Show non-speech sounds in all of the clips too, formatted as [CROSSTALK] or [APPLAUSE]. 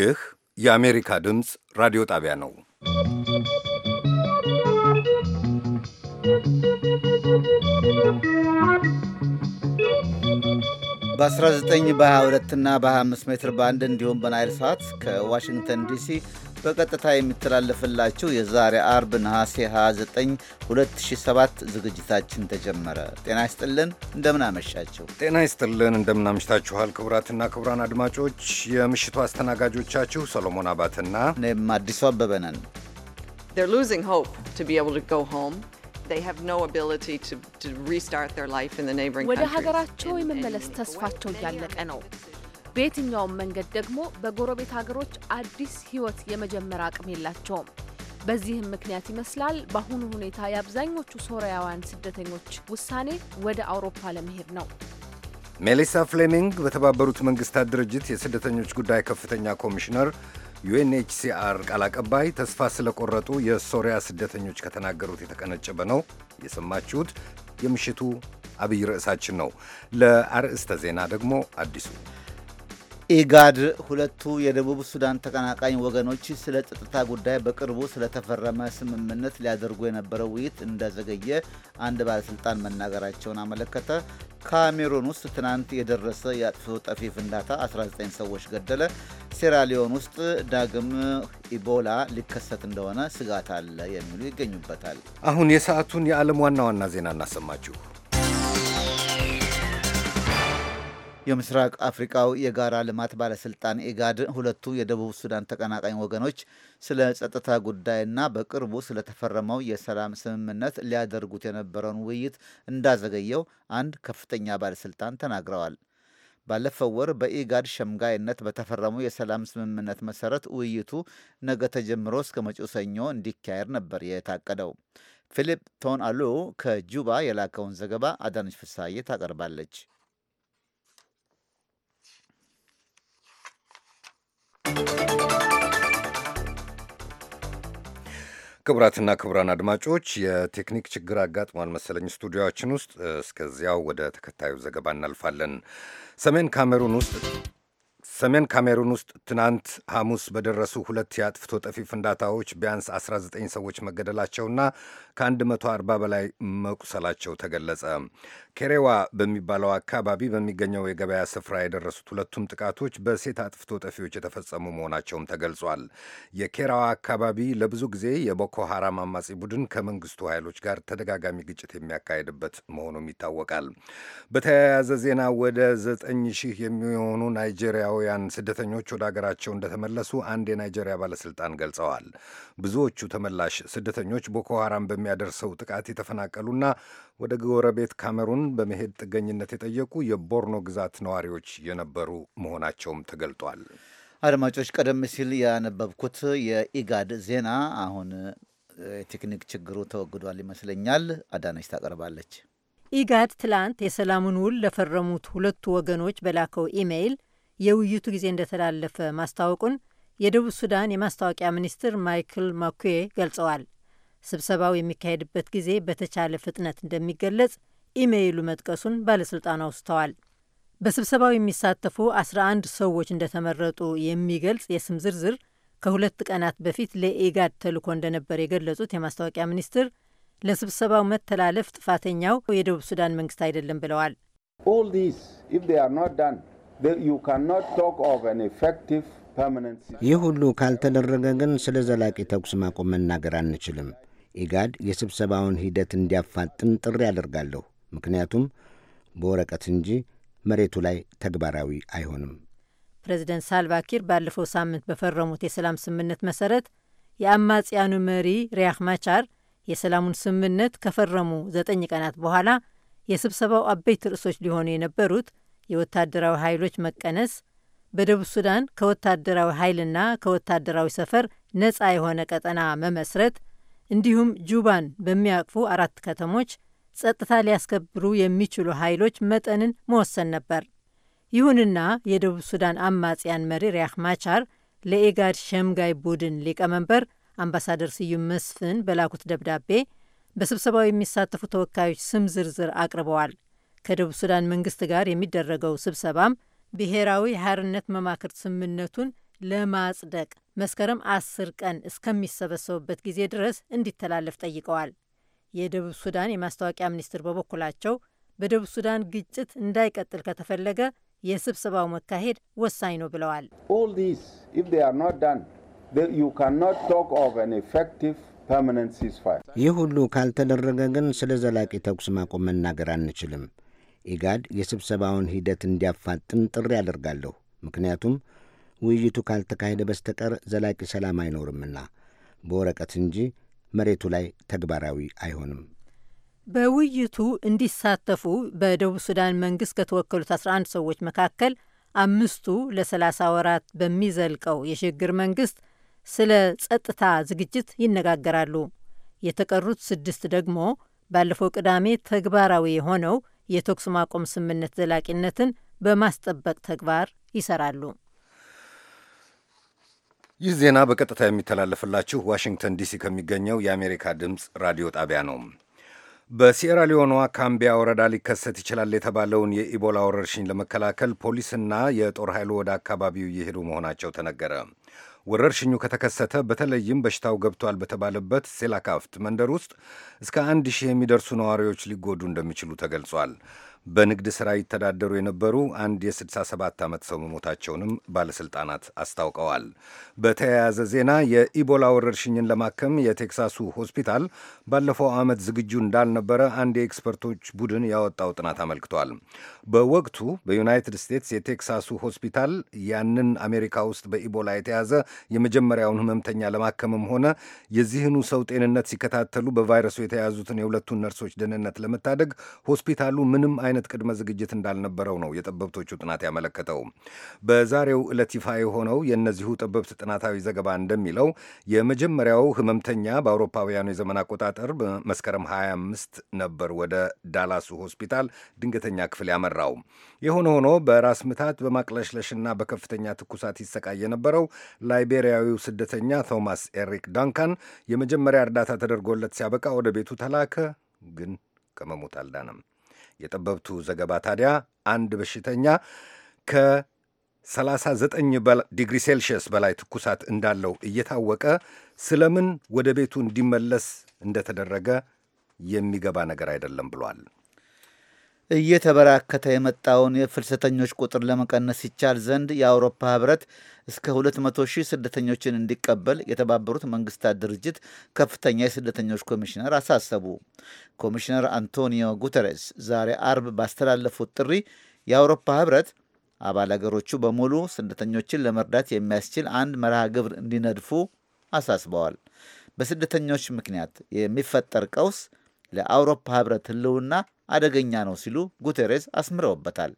ይህ የአሜሪካ ድምፅ ራዲዮ ጣቢያ ነው። በ19 በ22 እና በ25 ሜትር ባንድ እንዲሁም በናይል ሰዓት ከዋሽንግተን ዲሲ በቀጥታ የሚተላለፍላችሁ የዛሬ አርብ ነሐሴ 29 2007 ዝግጅታችን ተጀመረ። ጤና ይስጥልን፣ እንደምናመሻችሁ። ጤና ይስጥልን፣ እንደምናመሽታችኋል። ክቡራትና ክቡራን አድማጮች የምሽቱ አስተናጋጆቻችሁ ሰሎሞን አባትና እኔም አዲሱ አበበ ነን። ወደ ሀገራቸው የመመለስ ተስፋቸው እያለቀ ነው። በየትኛውም መንገድ ደግሞ በጎረቤት ሀገሮች አዲስ ህይወት የመጀመር አቅም የላቸውም። በዚህም ምክንያት ይመስላል በአሁኑ ሁኔታ የአብዛኞቹ ሶሪያውያን ስደተኞች ውሳኔ ወደ አውሮፓ ለመሄድ ነው። ሜሊሳ ፍሌሚንግ በተባበሩት መንግስታት ድርጅት የስደተኞች ጉዳይ ከፍተኛ ኮሚሽነር ዩኤንኤችሲአር ቃል አቀባይ ተስፋ ስለቆረጡ የሶሪያ ስደተኞች ከተናገሩት የተቀነጨበ ነው የሰማችሁት። የምሽቱ አብይ ርዕሳችን ነው። ለአርዕስተ ዜና ደግሞ አዲሱ ኢጋድ ሁለቱ የደቡብ ሱዳን ተቀናቃኝ ወገኖች ስለ ጸጥታ ጉዳይ በቅርቡ ስለተፈረመ ስምምነት ሊያደርጉ የነበረው ውይይት እንደዘገየ አንድ ባለሥልጣን መናገራቸውን አመለከተ። ካሜሩን ውስጥ ትናንት የደረሰ የአጥፍቶ ጠፊ ፍንዳታ 19 ሰዎች ገደለ። ሴራሊዮን ውስጥ ዳግም ኢቦላ ሊከሰት እንደሆነ ስጋት አለ የሚሉ ይገኙበታል። አሁን የሰዓቱን የዓለም ዋና ዋና ዜና እናሰማችሁ። የምስራቅ አፍሪካው የጋራ ልማት ባለስልጣን ኢጋድ ሁለቱ የደቡብ ሱዳን ተቀናቃኝ ወገኖች ስለ ጸጥታ ጉዳይና በቅርቡ ስለተፈረመው የሰላም ስምምነት ሊያደርጉት የነበረውን ውይይት እንዳዘገየው አንድ ከፍተኛ ባለስልጣን ተናግረዋል። ባለፈው ወር በኢጋድ ሸምጋይነት በተፈረሙ የሰላም ስምምነት መሰረት ውይይቱ ነገ ተጀምሮ እስከ መጪው ሰኞ እንዲካሄድ ነበር የታቀደው። ፊሊፕ ቶን አሉ ከጁባ የላከውን ዘገባ አዳነች ፍሳዬ ታቀርባለች። ክቡራትና ክቡራን አድማጮች የቴክኒክ ችግር አጋጥሟል መሰለኝ ስቱዲዮችን ውስጥ። እስከዚያው ወደ ተከታዩ ዘገባ እናልፋለን። ሰሜን ካሜሩን ውስጥ ሰሜን ካሜሩን ውስጥ ትናንት ሐሙስ በደረሱ ሁለት የአጥፍቶ ጠፊ ፍንዳታዎች ቢያንስ 19 ሰዎች መገደላቸውና ከ140 በላይ መቁሰላቸው ተገለጸ። ኬሬዋ በሚባለው አካባቢ በሚገኘው የገበያ ስፍራ የደረሱት ሁለቱም ጥቃቶች በሴት አጥፍቶ ጠፊዎች የተፈጸሙ መሆናቸውም ተገልጿል። የኬራዋ አካባቢ ለብዙ ጊዜ የቦኮ ሐራም አማጺ ቡድን ከመንግስቱ ኃይሎች ጋር ተደጋጋሚ ግጭት የሚያካሄድበት መሆኑም ይታወቃል። በተያያዘ ዜና ወደ ዘጠኝ ሺህ የሚሆኑ ናይጄሪያውያን ስደተኞች ወደ አገራቸው እንደተመለሱ አንድ የናይጄሪያ ባለስልጣን ገልጸዋል። ብዙዎቹ ተመላሽ ስደተኞች ቦኮ ሐራም በሚ በሚያደርሰው ጥቃት የተፈናቀሉና ወደ ጎረቤት ካሜሩን በመሄድ ጥገኝነት የጠየቁ የቦርኖ ግዛት ነዋሪዎች የነበሩ መሆናቸውም ተገልጧል። አድማጮች፣ ቀደም ሲል ያነበብኩት የኢጋድ ዜና አሁን የቴክኒክ ችግሩ ተወግዷል ይመስለኛል። አዳነች ታቀርባለች። ኢጋድ ትላንት የሰላሙን ውል ለፈረሙት ሁለቱ ወገኖች በላከው ኢሜይል የውይይቱ ጊዜ እንደተላለፈ ማስታወቁን የደቡብ ሱዳን የማስታወቂያ ሚኒስትር ማይክል ማኩዌ ገልጸዋል። ስብሰባው የሚካሄድበት ጊዜ በተቻለ ፍጥነት እንደሚገለጽ ኢሜይሉ መጥቀሱን ባለሥልጣን አውስተዋል። በስብሰባው የሚሳተፉ 11 ሰዎች እንደተመረጡ የሚገልጽ የስም ዝርዝር ከሁለት ቀናት በፊት ለኢጋድ ተልኮ እንደነበር የገለጹት የማስታወቂያ ሚኒስትር ለስብሰባው መተላለፍ ጥፋተኛው የደቡብ ሱዳን መንግስት አይደለም ብለዋል። ይህ ሁሉ ካልተደረገ ግን ስለ ዘላቂ ተኩስ ማቆም መናገር አንችልም። ኢጋድ የስብሰባውን ሂደት እንዲያፋጥን ጥሪ አደርጋለሁ። ምክንያቱም በወረቀት እንጂ መሬቱ ላይ ተግባራዊ አይሆንም። ፕሬዚደንት ሳልቫኪር ባለፈው ሳምንት በፈረሙት የሰላም ስምምነት መሰረት የአማጽያኑ መሪ ሪያክ ማቻር የሰላሙን ስምምነት ከፈረሙ ዘጠኝ ቀናት በኋላ የስብሰባው አበይት ርዕሶች ሊሆኑ የነበሩት የወታደራዊ ኃይሎች መቀነስ፣ በደቡብ ሱዳን ከወታደራዊ ኃይልና ከወታደራዊ ሰፈር ነፃ የሆነ ቀጠና መመስረት፣ እንዲሁም ጁባን በሚያቅፉ አራት ከተሞች ጸጥታ ሊያስከብሩ የሚችሉ ኃይሎች መጠንን መወሰን ነበር። ይሁንና የደቡብ ሱዳን አማጽያን መሪ ሪያክ ማቻር ለኤጋድ ሸምጋይ ቡድን ሊቀመንበር አምባሳደር ስዩም መስፍን በላኩት ደብዳቤ በስብሰባው የሚሳተፉ ተወካዮች ስም ዝርዝር አቅርበዋል። ከደቡብ ሱዳን መንግስት ጋር የሚደረገው ስብሰባም ብሔራዊ የሐርነት መማክርት ስምምነቱን ለማጽደቅ መስከረም አስር ቀን እስከሚሰበሰቡበት ጊዜ ድረስ እንዲተላለፍ ጠይቀዋል። የደቡብ ሱዳን የማስታወቂያ ሚኒስትር በበኩላቸው በደቡብ ሱዳን ግጭት እንዳይቀጥል ከተፈለገ የስብሰባው መካሄድ ወሳኝ ነው ብለዋል። ይህ ሁሉ ካልተደረገ ግን ስለ ዘላቂ ተኩስ ማቆም መናገር አንችልም። ኢጋድ የስብሰባውን ሂደት እንዲያፋጥን ጥሪ አደርጋለሁ። ምክንያቱም ውይይቱ ካልተካሄደ በስተቀር ዘላቂ ሰላም አይኖርምና በወረቀት እንጂ መሬቱ ላይ ተግባራዊ አይሆንም። በውይይቱ እንዲሳተፉ በደቡብ ሱዳን መንግስት ከተወከሉት 11 ሰዎች መካከል አምስቱ ለ30 ወራት በሚዘልቀው የሽግግር መንግስት ስለ ጸጥታ ዝግጅት ይነጋገራሉ። የተቀሩት ስድስት ደግሞ ባለፈው ቅዳሜ ተግባራዊ የሆነው የተኩስ ማቆም ስምምነት ዘላቂነትን በማስጠበቅ ተግባር ይሰራሉ። ይህ ዜና በቀጥታ የሚተላለፍላችሁ ዋሽንግተን ዲሲ ከሚገኘው የአሜሪካ ድምፅ ራዲዮ ጣቢያ ነው። በሲየራ ሊዮኗ ካምቢያ ወረዳ ሊከሰት ይችላል የተባለውን የኢቦላ ወረርሽኝ ለመከላከል ፖሊስና የጦር ኃይሉ ወደ አካባቢው እየሄዱ መሆናቸው ተነገረ። ወረርሽኙ ከተከሰተ በተለይም በሽታው ገብቷል በተባለበት ሴላካፍት መንደር ውስጥ እስከ አንድ ሺህ የሚደርሱ ነዋሪዎች ሊጎዱ እንደሚችሉ ተገልጿል። በንግድ ሥራ ይተዳደሩ የነበሩ አንድ የ67 ዓመት ሰው መሞታቸውንም ባለሥልጣናት አስታውቀዋል። በተያያዘ ዜና የኢቦላ ወረርሽኝን ለማከም የቴክሳሱ ሆስፒታል ባለፈው ዓመት ዝግጁ እንዳልነበረ አንድ የኤክስፐርቶች ቡድን ያወጣው ጥናት አመልክቷል። በወቅቱ በዩናይትድ ስቴትስ የቴክሳሱ ሆስፒታል ያንን አሜሪካ ውስጥ በኢቦላ የተያዘ የመጀመሪያውን ህመምተኛ ለማከምም ሆነ የዚህኑ ሰው ጤንነት ሲከታተሉ በቫይረሱ የተያዙትን የሁለቱን ነርሶች ደህንነት ለመታደግ ሆስፒታሉ ምንም አይነት ቅድመ ዝግጅት እንዳልነበረው ነው የጠበብቶቹ ጥናት ያመለከተው። በዛሬው ዕለት ይፋ የሆነው የእነዚሁ ጠበብት ጥናታዊ ዘገባ እንደሚለው የመጀመሪያው ህመምተኛ በአውሮፓውያኑ የዘመን አቆጣጠር መስከረም 25 ነበር ወደ ዳላሱ ሆስፒታል ድንገተኛ ክፍል ያመራው። የሆነ ሆኖ በራስ ምታት በማቅለሽለሽና በከፍተኛ ትኩሳት ይሰቃይ የነበረው ላይቤሪያዊው ስደተኛ ቶማስ ኤሪክ ዳንካን የመጀመሪያ እርዳታ ተደርጎለት ሲያበቃ ወደ ቤቱ ተላከ። ግን ከመሞት አልዳነም። የጠበብቱ ዘገባ ታዲያ አንድ በሽተኛ ከ39 ዲግሪ ሴልሺየስ በላይ ትኩሳት እንዳለው እየታወቀ ስለምን ወደ ቤቱ እንዲመለስ እንደተደረገ የሚገባ ነገር አይደለም ብሏል። እየተበራከተ የመጣውን የፍልሰተኞች ቁጥር ለመቀነስ ይቻል ዘንድ የአውሮፓ ህብረት እስከ 200 ሺህ ስደተኞችን እንዲቀበል የተባበሩት መንግስታት ድርጅት ከፍተኛ የስደተኞች ኮሚሽነር አሳሰቡ። ኮሚሽነር አንቶኒዮ ጉተሬስ ዛሬ አርብ ባስተላለፉት ጥሪ የአውሮፓ ህብረት አባል አገሮቹ በሙሉ ስደተኞችን ለመርዳት የሚያስችል አንድ መርሃ ግብር እንዲነድፉ አሳስበዋል። በስደተኞች ምክንያት የሚፈጠር ቀውስ ለአውሮፓ ህብረት ህልውና አደገኛ ነው ሲሉ ጉቴሬስ አስምረውበታል።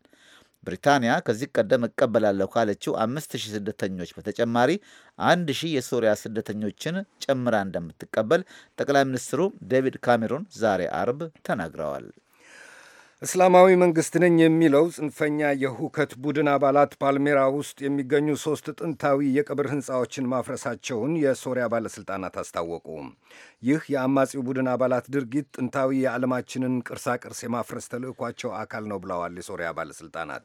ብሪታንያ ከዚህ ቀደም እቀበላለሁ ካለችው አምስት ሺህ ስደተኞች በተጨማሪ አንድ ሺህ የሶሪያ ስደተኞችን ጨምራ እንደምትቀበል ጠቅላይ ሚኒስትሩ ዴቪድ ካሜሮን ዛሬ አርብ ተናግረዋል። እስላማዊ መንግሥት ነኝ የሚለው ጽንፈኛ የሁከት ቡድን አባላት ፓልሜራ ውስጥ የሚገኙ ሦስት ጥንታዊ የቀብር ሕንፃዎችን ማፍረሳቸውን የሶሪያ ባለሥልጣናት አስታወቁ። ይህ የአማጺው ቡድን አባላት ድርጊት ጥንታዊ የዓለማችንን ቅርሳቅርስ የማፍረስ ተልዕኳቸው አካል ነው ብለዋል የሶሪያ ባለሥልጣናት።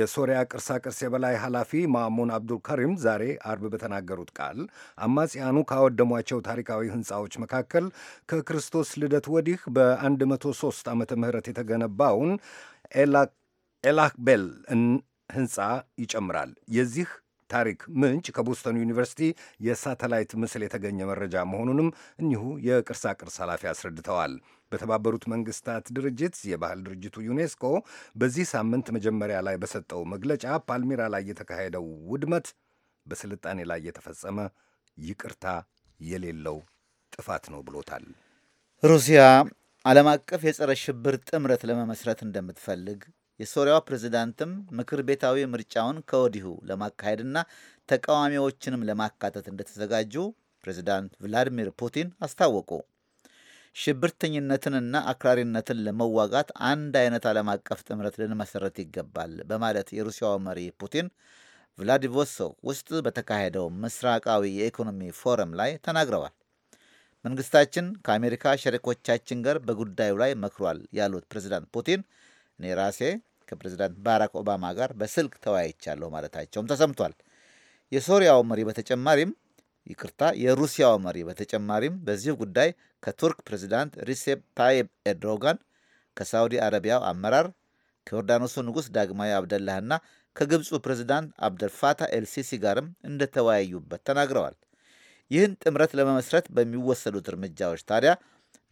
የሶሪያ ቅርሳቅርስ የበላይ ኃላፊ ማሙን አብዱልከሪም ዛሬ አርብ በተናገሩት ቃል አማጺያኑ ካወደሟቸው ታሪካዊ ሕንፃዎች መካከል ከክርስቶስ ልደት ወዲህ በ103 ዓመተ ምህረት የተገነባ ህንፃውን ኤላክቤል ህንፃ ይጨምራል። የዚህ ታሪክ ምንጭ ከቦስተን ዩኒቨርሲቲ የሳተላይት ምስል የተገኘ መረጃ መሆኑንም እኒሁ የቅርሳ ቅርስ ኃላፊ አስረድተዋል። በተባበሩት መንግስታት ድርጅት የባህል ድርጅቱ ዩኔስኮ በዚህ ሳምንት መጀመሪያ ላይ በሰጠው መግለጫ ፓልሚራ ላይ የተካሄደው ውድመት በስልጣኔ ላይ የተፈጸመ ይቅርታ የሌለው ጥፋት ነው ብሎታል። ሩሲያ ዓለም አቀፍ የጸረ ሽብር ጥምረት ለመመስረት እንደምትፈልግ የሶሪያዋ ፕሬዝዳንትም ምክር ቤታዊ ምርጫውን ከወዲሁ ለማካሄድና ተቃዋሚዎችንም ለማካተት እንደተዘጋጁ ፕሬዝዳንት ቭላዲሚር ፑቲን አስታወቁ። ሽብርተኝነትንና አክራሪነትን ለመዋጋት አንድ አይነት ዓለም አቀፍ ጥምረት ልንመሰረት ይገባል በማለት የሩሲያው መሪ ፑቲን ቭላዲቮስቶክ ውስጥ በተካሄደው ምስራቃዊ የኢኮኖሚ ፎረም ላይ ተናግረዋል። መንግስታችን ከአሜሪካ ሸሪኮቻችን ጋር በጉዳዩ ላይ መክሯል ያሉት ፕሬዚዳንት ፑቲን እኔ ራሴ ከፕሬዚዳንት ባራክ ኦባማ ጋር በስልክ ተወያይቻለሁ ማለታቸውም ተሰምቷል። የሶሪያው መሪ በተጨማሪም ይቅርታ፣ የሩሲያው መሪ በተጨማሪም በዚሁ ጉዳይ ከቱርክ ፕሬዚዳንት ሪሴፕ ታይብ ኤርዶጋን፣ ከሳውዲ አረቢያው አመራር፣ ከዮርዳኖሱ ንጉሥ ዳግማዊ አብደላህና ከግብፁ ፕሬዚዳንት አብደልፋታ ኤልሲሲ ጋርም እንደተወያዩበት ተናግረዋል። ይህን ጥምረት ለመመስረት በሚወሰዱት እርምጃዎች ታዲያ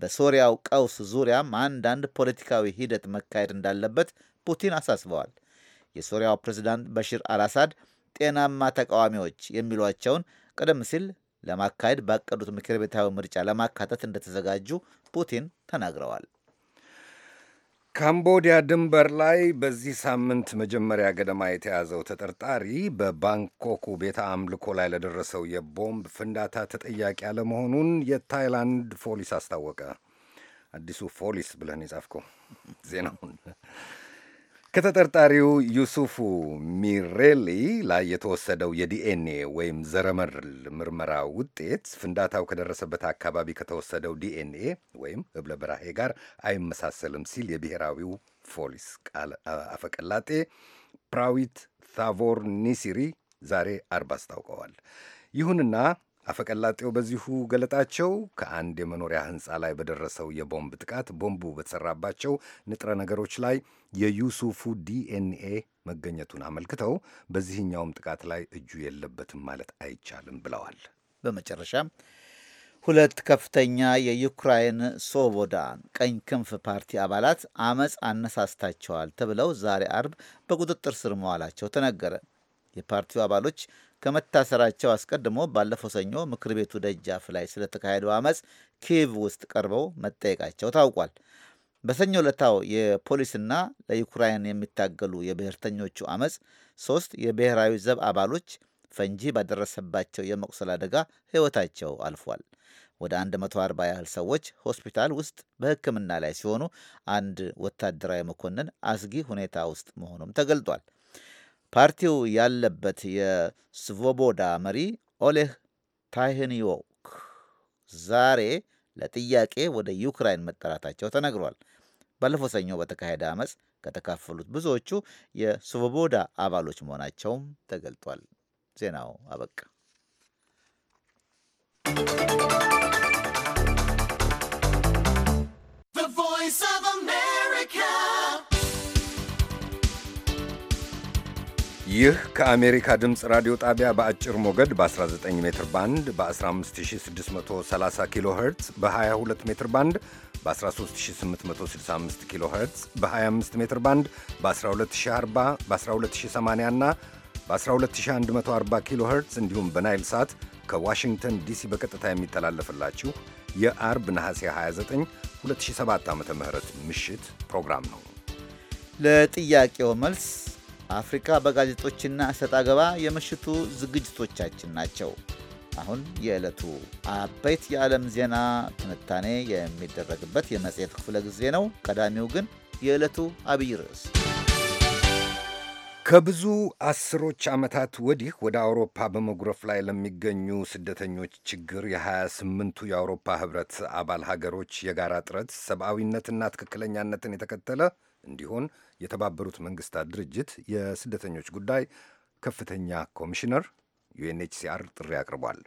በሶሪያው ቀውስ ዙሪያም አንዳንድ ፖለቲካዊ ሂደት መካሄድ እንዳለበት ፑቲን አሳስበዋል። የሶሪያው ፕሬዚዳንት በሽር አልአሳድ ጤናማ ተቃዋሚዎች የሚሏቸውን ቀደም ሲል ለማካሄድ ባቀዱት ምክር ቤታዊ ምርጫ ለማካተት እንደተዘጋጁ ፑቲን ተናግረዋል። ካምቦዲያ ድንበር ላይ በዚህ ሳምንት መጀመሪያ ገደማ የተያዘው ተጠርጣሪ በባንኮኩ ቤተ አምልኮ ላይ ለደረሰው የቦምብ ፍንዳታ ተጠያቂ አለመሆኑን የታይላንድ ፖሊስ አስታወቀ። አዲሱ ፖሊስ ብለን የጻፍከው ዜናውን ከተጠርጣሪው ዩሱፉ ሚሬሊ ላይ የተወሰደው የዲኤንኤ ወይም ዘረመል ምርመራ ውጤት ፍንዳታው ከደረሰበት አካባቢ ከተወሰደው ዲኤንኤ ወይም እብለ በራሄ ጋር አይመሳሰልም ሲል የብሔራዊው ፖሊስ ቃል አፈቀላጤ ፕራዊት ታቮር ኒሲሪ ዛሬ አርብ አስታውቀዋል። ይሁንና አፈቀላጤው በዚሁ ገለጣቸው ከአንድ የመኖሪያ ህንፃ ላይ በደረሰው የቦምብ ጥቃት ቦምቡ በተሰራባቸው ንጥረ ነገሮች ላይ የዩሱፉ ዲኤንኤ መገኘቱን አመልክተው በዚህኛውም ጥቃት ላይ እጁ የለበትም ማለት አይቻልም ብለዋል። በመጨረሻም ሁለት ከፍተኛ የዩክራይን ሶቮዳ ቀኝ ክንፍ ፓርቲ አባላት አመፅ አነሳስታቸዋል ተብለው ዛሬ አርብ በቁጥጥር ስር መዋላቸው ተነገረ። የፓርቲው አባሎች ከመታሰራቸው አስቀድሞ ባለፈው ሰኞ ምክር ቤቱ ደጃፍ ላይ ስለተካሄደው አመፅ ኪየቭ ውስጥ ቀርበው መጠየቃቸው ታውቋል። በሰኞ ለታው የፖሊስና ለዩክራይን የሚታገሉ የብሔርተኞቹ አመፅ ሶስት የብሔራዊ ዘብ አባሎች ፈንጂ ባደረሰባቸው የመቁሰል አደጋ ሕይወታቸው አልፏል። ወደ 140 ያህል ሰዎች ሆስፒታል ውስጥ በሕክምና ላይ ሲሆኑ አንድ ወታደራዊ መኮንን አስጊ ሁኔታ ውስጥ መሆኑም ተገልጧል። ፓርቲው ያለበት የስቮቦዳ መሪ ኦሌህ ታይህኒዮክ ዛሬ ለጥያቄ ወደ ዩክራይን መጠራታቸው ተነግሯል። ባለፈው ሰኞ በተካሄደ አመፅ ከተካፈሉት ብዙዎቹ የስቮቦዳ አባሎች መሆናቸውም ተገልጧል። ዜናው አበቃ። ይህ ከአሜሪካ ድምፅ ራዲዮ ጣቢያ በአጭር ሞገድ በ19 ሜትር ባንድ በ15630 ኪሎ ኸርትዝ በ22 ሜትር ባንድ በ13865 ኪሎ ኸርትዝ በ25 ሜትር ባንድ በ12040 በ12080 እና በ12140 ኪሎ ኸርትዝ እንዲሁም በናይል ሳት ከዋሽንግተን ዲሲ በቀጥታ የሚተላለፍላችሁ የአርብ ነሐሴ 29 2007 ዓ ም ምሽት ፕሮግራም ነው። ለጥያቄው መልስ አፍሪካ በጋዜጦችና እሰጥ አገባ የምሽቱ ዝግጅቶቻችን ናቸው። አሁን የዕለቱ አበይት የዓለም ዜና ትንታኔ የሚደረግበት የመጽሔት ክፍለ ጊዜ ነው። ቀዳሚው ግን የዕለቱ አብይ ርዕስ ከብዙ አስሮች ዓመታት ወዲህ ወደ አውሮፓ በመጉረፍ ላይ ለሚገኙ ስደተኞች ችግር የ28ቱ የአውሮፓ ህብረት አባል ሀገሮች የጋራ ጥረት ሰብአዊነትና ትክክለኛነትን የተከተለ እንዲሆን የተባበሩት መንግስታት ድርጅት የስደተኞች ጉዳይ ከፍተኛ ኮሚሽነር ዩኤንኤችሲአር ጥሪ አቅርቧል።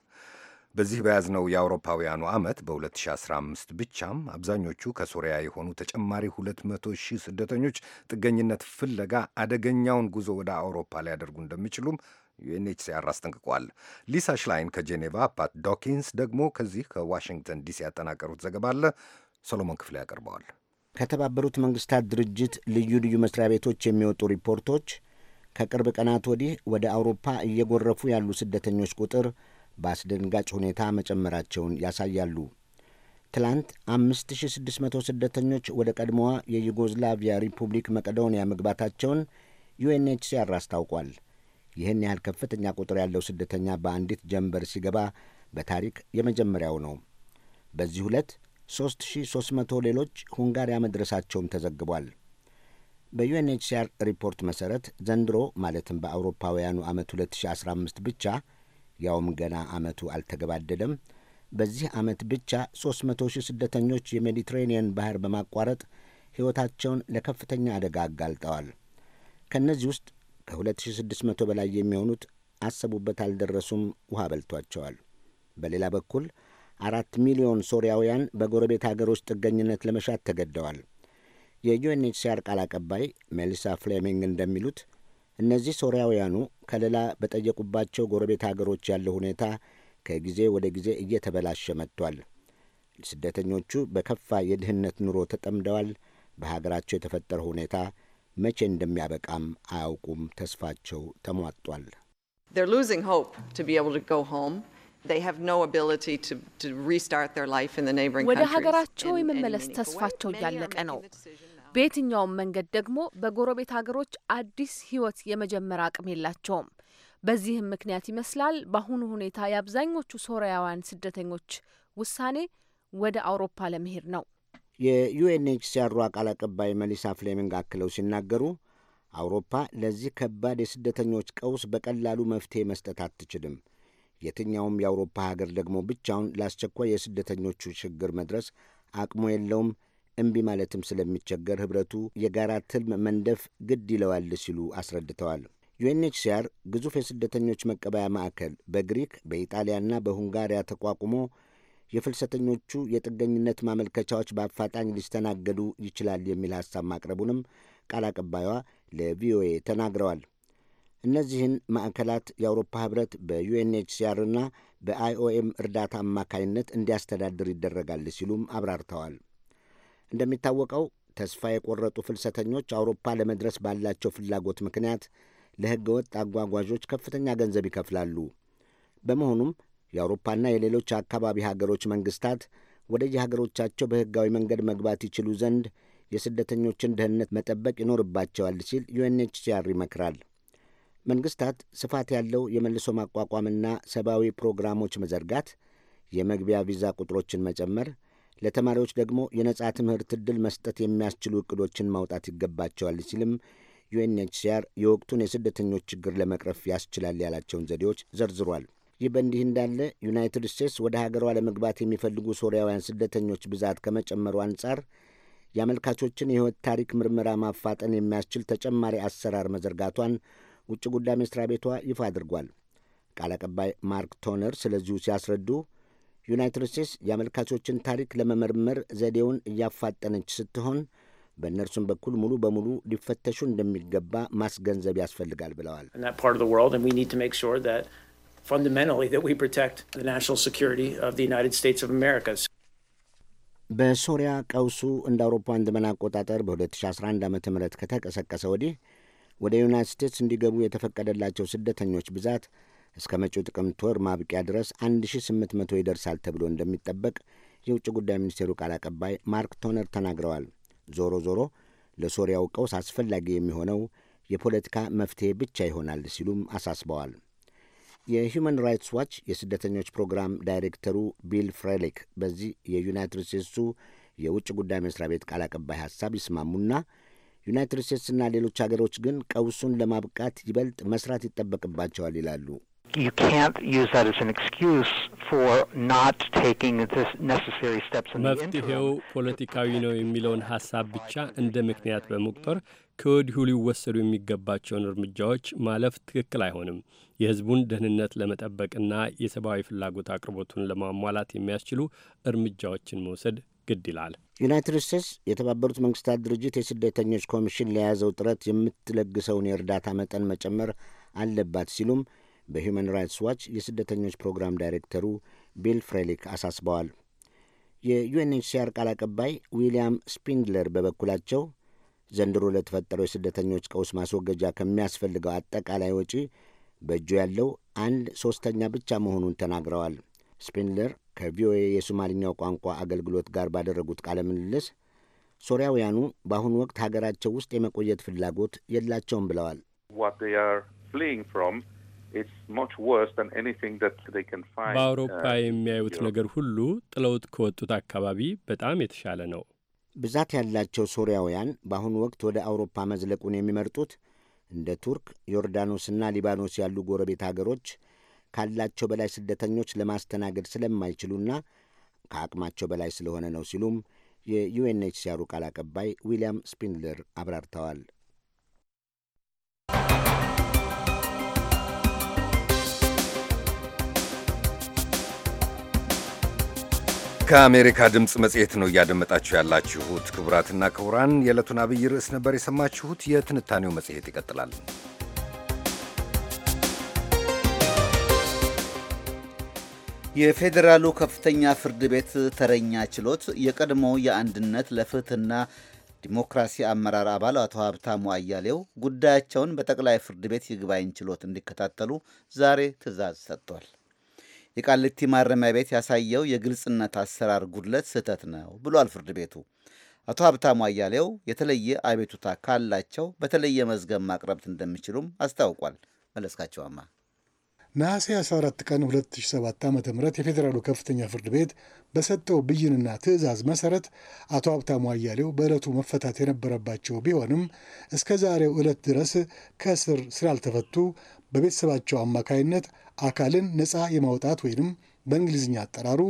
በዚህ በያዝነው የአውሮፓውያኑ ዓመት በ2015 ብቻም አብዛኞቹ ከሶሪያ የሆኑ ተጨማሪ 200 ሺህ ስደተኞች ጥገኝነት ፍለጋ አደገኛውን ጉዞ ወደ አውሮፓ ሊያደርጉ እንደሚችሉም ዩኤንኤችሲአር አስጠንቅቋል። ሊሳ ሽላይን ከጄኔቫ፣ ፓት ዶኪንስ ደግሞ ከዚህ ከዋሽንግተን ዲሲ ያጠናቀሩት ዘገባ አለ። ሰሎሞን ክፍሌ ያቀርበዋል። ከተባበሩት መንግስታት ድርጅት ልዩ ልዩ መስሪያ ቤቶች የሚወጡ ሪፖርቶች ከቅርብ ቀናት ወዲህ ወደ አውሮፓ እየጎረፉ ያሉ ስደተኞች ቁጥር በአስደንጋጭ ሁኔታ መጨመራቸውን ያሳያሉ። ትላንት 5600 ስደተኞች ወደ ቀድሞዋ የዩጎዝላቪያ ሪፑብሊክ መቀዶንያ መግባታቸውን ዩኤንኤችሲአር አስታውቋል። ይህን ያህል ከፍተኛ ቁጥር ያለው ስደተኛ በአንዲት ጀንበር ሲገባ በታሪክ የመጀመሪያው ነው። በዚህ ዕለት 3300 ሌሎች ሁንጋሪያ መድረሳቸውም ተዘግቧል። በዩኤንኤችሲአር ሪፖርት መሠረት ዘንድሮ ማለትም በአውሮፓውያኑ ዓመት 2015 ብቻ ያውም ገና ዓመቱ አልተገባደደም። በዚህ ዓመት ብቻ 300 ሺህ ስደተኞች የሜዲትሬኒየን ባህር በማቋረጥ ሕይወታቸውን ለከፍተኛ አደጋ አጋልጠዋል። ከእነዚህ ውስጥ ከ2600 በላይ የሚሆኑት አሰቡበት አልደረሱም፣ ውሃ በልቷቸዋል። በሌላ በኩል አራት ሚሊዮን ሶሪያውያን በጎረቤት ውስጥ ጥገኝነት ለመሻት ተገደዋል። የዩኤንኤችሲአር ቃል አቀባይ ሜሊሳ ፍሌሚንግ እንደሚሉት እነዚህ ሶሪያውያኑ ከሌላ በጠየቁባቸው ጎረቤት ሀገሮች ያለው ሁኔታ ከጊዜ ወደ ጊዜ እየተበላሸ መጥቷል። ስደተኞቹ በከፋ የድህነት ኑሮ ተጠምደዋል። በሀገራቸው የተፈጠረው ሁኔታ መቼ እንደሚያበቃም አያውቁም። ተስፋቸው ተሟጧል። ወደ ሀገራቸው የመመለስ ተስፋቸው እያለቀ ነው። በየትኛውም መንገድ ደግሞ በጎረቤት ሀገሮች አዲስ ህይወት የመጀመር አቅም የላቸውም። በዚህም ምክንያት ይመስላል በአሁኑ ሁኔታ የአብዛኞቹ ሶሪያውያን ስደተኞች ውሳኔ ወደ አውሮፓ ለመሄድ ነው። የዩኤንኤችሲአር ቃል አቀባይ መሊሳ ፍሌሚንግ አክለው ሲናገሩ አውሮፓ ለዚህ ከባድ የስደተኞች ቀውስ በቀላሉ መፍትሄ መስጠት አትችልም። የትኛውም የአውሮፓ ሀገር ደግሞ ብቻውን ለአስቸኳይ የስደተኞቹ ችግር መድረስ አቅሙ የለውም፣ እምቢ ማለትም ስለሚቸገር ኅብረቱ የጋራ ትልም መንደፍ ግድ ይለዋል ሲሉ አስረድተዋል። ዩኤንኤችሲአር ግዙፍ የስደተኞች መቀበያ ማዕከል በግሪክ በኢጣሊያና በሁንጋሪያ ተቋቁሞ የፍልሰተኞቹ የጥገኝነት ማመልከቻዎች በአፋጣኝ ሊስተናገዱ ይችላል የሚል ሐሳብ ማቅረቡንም ቃል አቀባዩዋ ለቪኦኤ ተናግረዋል። እነዚህን ማዕከላት የአውሮፓ ህብረት በዩኤንኤችሲአርና በአይኦኤም እርዳታ አማካይነት እንዲያስተዳድር ይደረጋል ሲሉም አብራርተዋል። እንደሚታወቀው ተስፋ የቆረጡ ፍልሰተኞች አውሮፓ ለመድረስ ባላቸው ፍላጎት ምክንያት ለሕገ ወጥ አጓጓዦች ከፍተኛ ገንዘብ ይከፍላሉ። በመሆኑም የአውሮፓና የሌሎች አካባቢ ሀገሮች መንግስታት ወደየሀገሮቻቸው በሕጋዊ መንገድ መግባት ይችሉ ዘንድ የስደተኞችን ደህንነት መጠበቅ ይኖርባቸዋል ሲል ዩኤንኤችሲአር ይመክራል። መንግስታት ስፋት ያለው የመልሶ ማቋቋምና ሰብአዊ ፕሮግራሞች መዘርጋት፣ የመግቢያ ቪዛ ቁጥሮችን መጨመር፣ ለተማሪዎች ደግሞ የነጻ ትምህርት ዕድል መስጠት የሚያስችሉ ዕቅዶችን ማውጣት ይገባቸዋል ሲልም ዩኤንኤችሲአር የወቅቱን የስደተኞች ችግር ለመቅረፍ ያስችላል ያላቸውን ዘዴዎች ዘርዝሯል። ይህ በእንዲህ እንዳለ ዩናይትድ ስቴትስ ወደ ሀገሯ ለመግባት የሚፈልጉ ሶሪያውያን ስደተኞች ብዛት ከመጨመሩ አንጻር የአመልካቾችን የሕይወት ታሪክ ምርመራ ማፋጠን የሚያስችል ተጨማሪ አሰራር መዘርጋቷን ውጭ ጉዳይ መስሪያ ቤቷ ይፋ አድርጓል። ቃል አቀባይ ማርክ ቶነር ስለዚሁ ሲያስረዱ ዩናይትድ ስቴትስ የአመልካቾችን ታሪክ ለመመርመር ዘዴውን እያፋጠነች ስትሆን በእነርሱም በኩል ሙሉ በሙሉ ሊፈተሹ እንደሚገባ ማስገንዘብ ያስፈልጋል ብለዋል። በሶሪያ ቀውሱ እንደ አውሮፓውያን ዘመን አቆጣጠር በ2011 ዓ ም ከተቀሰቀሰ ወዲህ ወደ ዩናይት ስቴትስ እንዲገቡ የተፈቀደላቸው ስደተኞች ብዛት እስከ መጪው ጥቅምት ወር ማብቂያ ድረስ 1800 ይደርሳል ተብሎ እንደሚጠበቅ የውጭ ጉዳይ ሚኒስቴሩ ቃል አቀባይ ማርክ ቶነር ተናግረዋል። ዞሮ ዞሮ ለሶሪያው ቀውስ አስፈላጊ የሚሆነው የፖለቲካ መፍትሄ ብቻ ይሆናል ሲሉም አሳስበዋል። የሁማን ራይትስ ዋች የስደተኞች ፕሮግራም ዳይሬክተሩ ቢል ፍሬሊክ በዚህ የዩናይትድ ስቴትሱ የውጭ ጉዳይ መስሪያ ቤት ቃል አቀባይ ሀሳብ ይስማሙና ዩናይትድ ስቴትስና ሌሎች ሀገሮች ግን ቀውሱን ለማብቃት ይበልጥ መስራት ይጠበቅባቸዋል ይላሉ። መፍትሄው ፖለቲካዊ ነው የሚለውን ሀሳብ ብቻ እንደ ምክንያት በመቁጠር ከወዲሁ ሊወሰዱ የሚገባቸውን እርምጃዎች ማለፍ ትክክል አይሆንም። የሕዝቡን ደህንነት ለመጠበቅና የሰብአዊ ፍላጎት አቅርቦቱን ለማሟላት የሚያስችሉ እርምጃዎችን መውሰድ ግድ ይላል። ዩናይትድ ስቴትስ የተባበሩት መንግስታት ድርጅት የስደተኞች ኮሚሽን ለያዘው ጥረት የምትለግሰውን የእርዳታ መጠን መጨመር አለባት ሲሉም በሂዩማን ራይትስ ዋች የስደተኞች ፕሮግራም ዳይሬክተሩ ቢል ፍሬሊክ አሳስበዋል። የዩኤንኤችሲአር ቃል አቀባይ ዊልያም ስፒንድለር በበኩላቸው ዘንድሮ ለተፈጠረው የስደተኞች ቀውስ ማስወገጃ ከሚያስፈልገው አጠቃላይ ወጪ በእጁ ያለው አንድ ሶስተኛ ብቻ መሆኑን ተናግረዋል። ስፔንለር ከቪኦኤ የሶማልኛው ቋንቋ አገልግሎት ጋር ባደረጉት ቃለ ምልልስ ሶሪያውያኑ በአሁኑ ወቅት ሀገራቸው ውስጥ የመቆየት ፍላጎት የላቸውም ብለዋል። በአውሮፓ uh, የሚያዩት ነገር ሁሉ ጥለውት ከወጡት አካባቢ በጣም የተሻለ ነው። ብዛት ያላቸው ሶሪያውያን በአሁኑ ወቅት ወደ አውሮፓ መዝለቁን የሚመርጡት እንደ ቱርክ፣ ዮርዳኖስና ሊባኖስ ያሉ ጎረቤት አገሮች ካላቸው በላይ ስደተኞች ለማስተናገድ ስለማይችሉና ከአቅማቸው በላይ ስለሆነ ነው ሲሉም የዩኤንኤችሲአሩ ቃል አቀባይ ዊልያም ስፒንለር አብራርተዋል። ከአሜሪካ ድምፅ መጽሔት ነው እያደመጣችሁ ያላችሁት። ክቡራትና ክቡራን፣ የዕለቱን አብይ ርዕስ ነበር የሰማችሁት። የትንታኔው መጽሔት ይቀጥላል። የፌዴራሉ ከፍተኛ ፍርድ ቤት ተረኛ ችሎት የቀድሞ የአንድነት ለፍትህና ዲሞክራሲ አመራር አባል አቶ ሀብታሙ አያሌው ጉዳያቸውን በጠቅላይ ፍርድ ቤት ይግባኝ ችሎት እንዲከታተሉ ዛሬ ትዕዛዝ ሰጥቷል። የቃሊቲ ማረሚያ ቤት ያሳየው የግልጽነት አሰራር ጉድለት ስህተት ነው ብሏል ፍርድ ቤቱ። አቶ ሀብታሙ አያሌው የተለየ አቤቱታ ካላቸው በተለየ መዝገብ ማቅረብት እንደሚችሉም አስታውቋል። መለስካቸዋማ ነሐሴ 14 ቀን 2007 ዓ ም የፌዴራሉ ከፍተኛ ፍርድ ቤት በሰጠው ብይንና ትዕዛዝ መሰረት አቶ ሀብታሙ አያሌው በዕለቱ መፈታት የነበረባቸው ቢሆንም እስከ ዛሬው ዕለት ድረስ ከእስር ስላልተፈቱ በቤተሰባቸው አማካይነት አካልን ነፃ የማውጣት ወይንም በእንግሊዝኛ አጠራሩ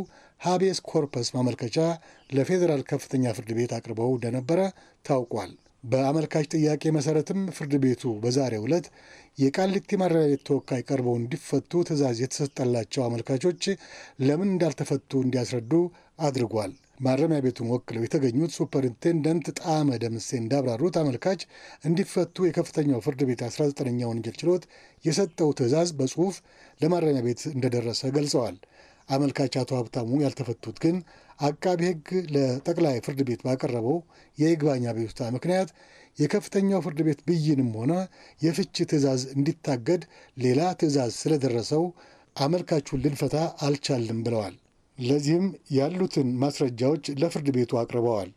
ሃቤስ ኮርፐስ ማመልከቻ ለፌዴራል ከፍተኛ ፍርድ ቤት አቅርበው እንደነበረ ታውቋል። በአመልካች ጥያቄ መሰረትም ፍርድ ቤቱ በዛሬው ዕለት የቃሊቲ ማረሚያ ቤት ተወካይ ቀርበው እንዲፈቱ ትዕዛዝ የተሰጠላቸው አመልካቾች ለምን እንዳልተፈቱ እንዲያስረዱ አድርጓል። ማረሚያ ቤቱን ወክለው የተገኙት ሱፐርኢንቴንደንት ጣመ ደምሴ እንዳብራሩት አመልካች እንዲፈቱ የከፍተኛው ፍርድ ቤት 19ኛ ወንጀል ችሎት የሰጠው ትዕዛዝ በጽሁፍ ለማረሚያ ቤት እንደደረሰ ገልጸዋል። አመልካች አቶ ሀብታሙ ያልተፈቱት ግን አቃቢ ሕግ ለጠቅላይ ፍርድ ቤት ባቀረበው የይግባኝ አቤቱታ ምክንያት የከፍተኛው ፍርድ ቤት ብይንም ሆነ የፍች ትዕዛዝ እንዲታገድ ሌላ ትዕዛዝ ስለደረሰው አመልካቹን ልንፈታ አልቻልም ብለዋል። ለዚህም ያሉትን ማስረጃዎች ለፍርድ ቤቱ አቅርበዋል።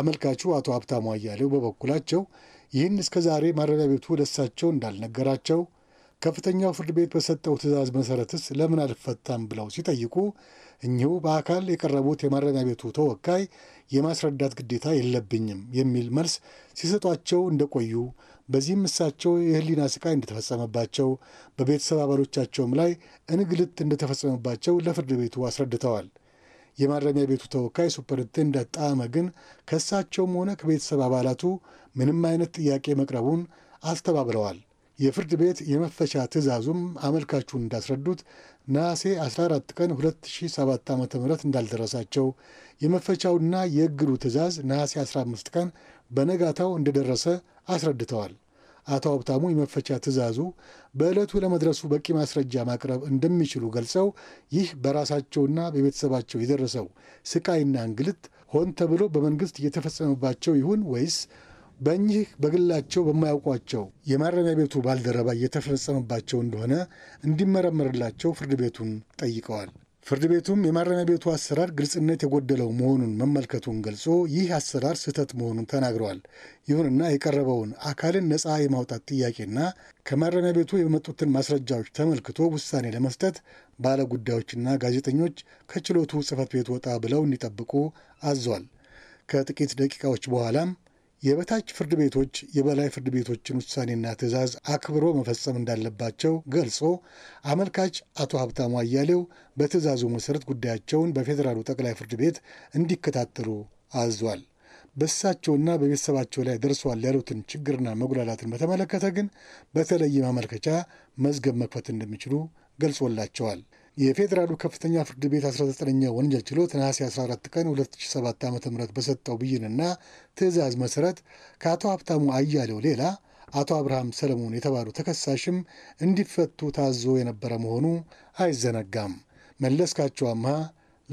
አመልካቹ አቶ ሀብታሙ አያሌው በበኩላቸው ይህን እስከ ዛሬ ማረሚያ ቤቱ ለሳቸው እንዳልነገራቸው ከፍተኛው ፍርድ ቤት በሰጠው ትዕዛዝ መሠረትስ ለምን አልፈታም ብለው ሲጠይቁ እኚሁ በአካል የቀረቡት የማረሚያ ቤቱ ተወካይ የማስረዳት ግዴታ የለብኝም የሚል መልስ ሲሰጧቸው እንደቆዩ በዚህም እሳቸው የህሊና ስቃይ እንደተፈጸመባቸው በቤተሰብ አባሎቻቸውም ላይ እንግልት እንደተፈጸመባቸው ለፍርድ ቤቱ አስረድተዋል። የማረሚያ ቤቱ ተወካይ ሱፐርቴንዳንት ጣዕመ ግን ከእሳቸውም ሆነ ከቤተሰብ አባላቱ ምንም አይነት ጥያቄ መቅረቡን አስተባብለዋል። የፍርድ ቤት የመፈቻ ትዕዛዙም አመልካቹን እንዳስረዱት ነሐሴ 14 ቀን 2007 ዓ ም እንዳልደረሳቸው የመፈቻውና የእግዱ ትዕዛዝ ነሐሴ 15 ቀን በነጋታው እንደደረሰ አስረድተዋል። አቶ ሀብታሙ የመፈቻ ትዕዛዙ በዕለቱ ለመድረሱ በቂ ማስረጃ ማቅረብ እንደሚችሉ ገልጸው ይህ በራሳቸውና በቤተሰባቸው የደረሰው ስቃይና እንግልት ሆን ተብሎ በመንግስት እየተፈጸመባቸው ይሁን ወይስ በእኚህ በግላቸው በማያውቋቸው የማረሚያ ቤቱ ባልደረባ እየተፈጸመባቸው እንደሆነ እንዲመረመርላቸው ፍርድ ቤቱን ጠይቀዋል። ፍርድ ቤቱም የማረሚያ ቤቱ አሰራር ግልጽነት የጎደለው መሆኑን መመልከቱን ገልጾ ይህ አሰራር ስህተት መሆኑን ተናግረዋል። ይሁንና የቀረበውን አካልን ነፃ የማውጣት ጥያቄና ከማረሚያ ቤቱ የመጡትን ማስረጃዎች ተመልክቶ ውሳኔ ለመስጠት ባለጉዳዮችና ጋዜጠኞች ከችሎቱ ጽህፈት ቤት ወጣ ብለው እንዲጠብቁ አዟል። ከጥቂት ደቂቃዎች በኋላም የበታች ፍርድ ቤቶች የበላይ ፍርድ ቤቶችን ውሳኔና ትዕዛዝ አክብሮ መፈጸም እንዳለባቸው ገልጾ አመልካች አቶ ሀብታሙ አያሌው በትዕዛዙ መሰረት ጉዳያቸውን በፌዴራሉ ጠቅላይ ፍርድ ቤት እንዲከታተሉ አዟል። በእሳቸውና በቤተሰባቸው ላይ ደርሷል ያሉትን ችግርና መጉላላትን በተመለከተ ግን በተለይም ማመልከቻ መዝገብ መክፈት እንደሚችሉ ገልጾላቸዋል። የፌዴራሉ ከፍተኛ ፍርድ ቤት 19ኛ ወንጀል ችሎት ነሐሴ 14 ቀን 2007 ዓ ም በሰጠው ብይንና ትዕዛዝ መሠረት ከአቶ ሀብታሙ አያሌው ሌላ አቶ አብርሃም ሰለሞን የተባሉ ተከሳሽም እንዲፈቱ ታዞ የነበረ መሆኑ አይዘነጋም። መለስካቸው አምሃ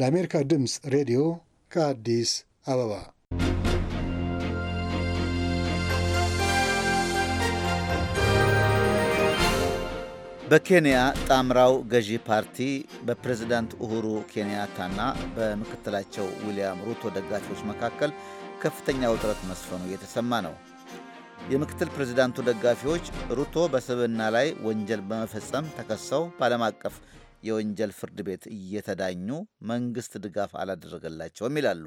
ለአሜሪካ ድምፅ ሬዲዮ ከአዲስ አበባ በኬንያ ጣምራው ገዢ ፓርቲ በፕሬዝዳንት ኡሁሩ ኬንያታና በምክትላቸው ዊልያም ሩቶ ደጋፊዎች መካከል ከፍተኛ ውጥረት መስፈኑ እየተሰማ ነው። የምክትል ፕሬዝዳንቱ ደጋፊዎች ሩቶ በስብና ላይ ወንጀል በመፈጸም ተከሰው በዓለም አቀፍ የወንጀል ፍርድ ቤት እየተዳኙ መንግሥት ድጋፍ አላደረገላቸውም ይላሉ።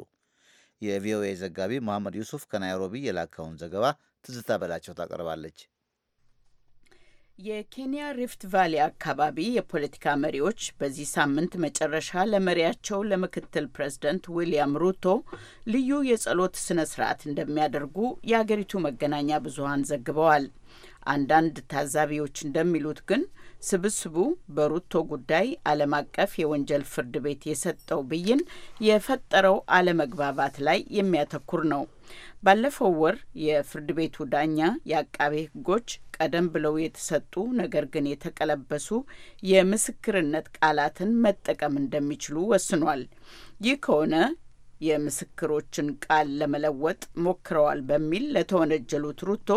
የቪኦኤ ዘጋቢ መሐመድ ዩሱፍ ከናይሮቢ የላከውን ዘገባ ትዝታ በላቸው ታቀርባለች። የኬንያ ሪፍት ቫሊ አካባቢ የፖለቲካ መሪዎች በዚህ ሳምንት መጨረሻ ለመሪያቸው ለምክትል ፕሬዝደንት ዊልያም ሩቶ ልዩ የጸሎት ስነ ስርዓት እንደሚያደርጉ የአገሪቱ መገናኛ ብዙሀን ዘግበዋል። አንዳንድ ታዛቢዎች እንደሚሉት ግን ስብስቡ በሩቶ ጉዳይ ዓለም አቀፍ የወንጀል ፍርድ ቤት የሰጠው ብይን የፈጠረው አለመግባባት ላይ የሚያተኩር ነው። ባለፈው ወር የፍርድ ቤቱ ዳኛ የአቃቤ ሕጎች ቀደም ብለው የተሰጡ ነገር ግን የተቀለበሱ የምስክርነት ቃላትን መጠቀም እንደሚችሉ ወስኗል። ይህ ከሆነ የምስክሮችን ቃል ለመለወጥ ሞክረዋል በሚል ለተወነጀሉት ሩቶ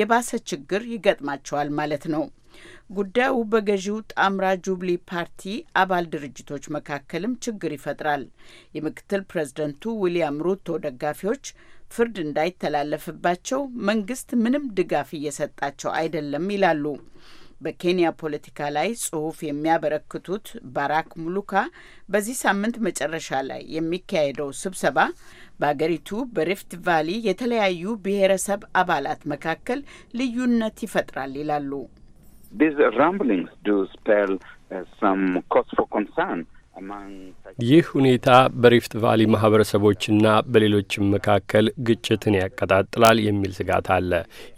የባሰ ችግር ይገጥማቸዋል ማለት ነው። ጉዳዩ በገዢው ጣምራ ጁብሊ ፓርቲ አባል ድርጅቶች መካከልም ችግር ይፈጥራል። የምክትል ፕሬዝደንቱ ዊልያም ሩቶ ደጋፊዎች ፍርድ እንዳይተላለፍባቸው መንግስት ምንም ድጋፍ እየሰጣቸው አይደለም ይላሉ። በኬንያ ፖለቲካ ላይ ጽሑፍ የሚያበረክቱት ባራክ ሙሉካ በዚህ ሳምንት መጨረሻ ላይ የሚካሄደው ስብሰባ በአገሪቱ በሪፍት ቫሊ የተለያዩ ብሔረሰብ አባላት መካከል ልዩነት ይፈጥራል ይላሉ። Uh, ይህ ሁኔታ በሪፍት ቫሊ ማህበረሰቦችና በሌሎችም መካከል ግጭትን ያቀጣጥላል የሚል ስጋት አለ።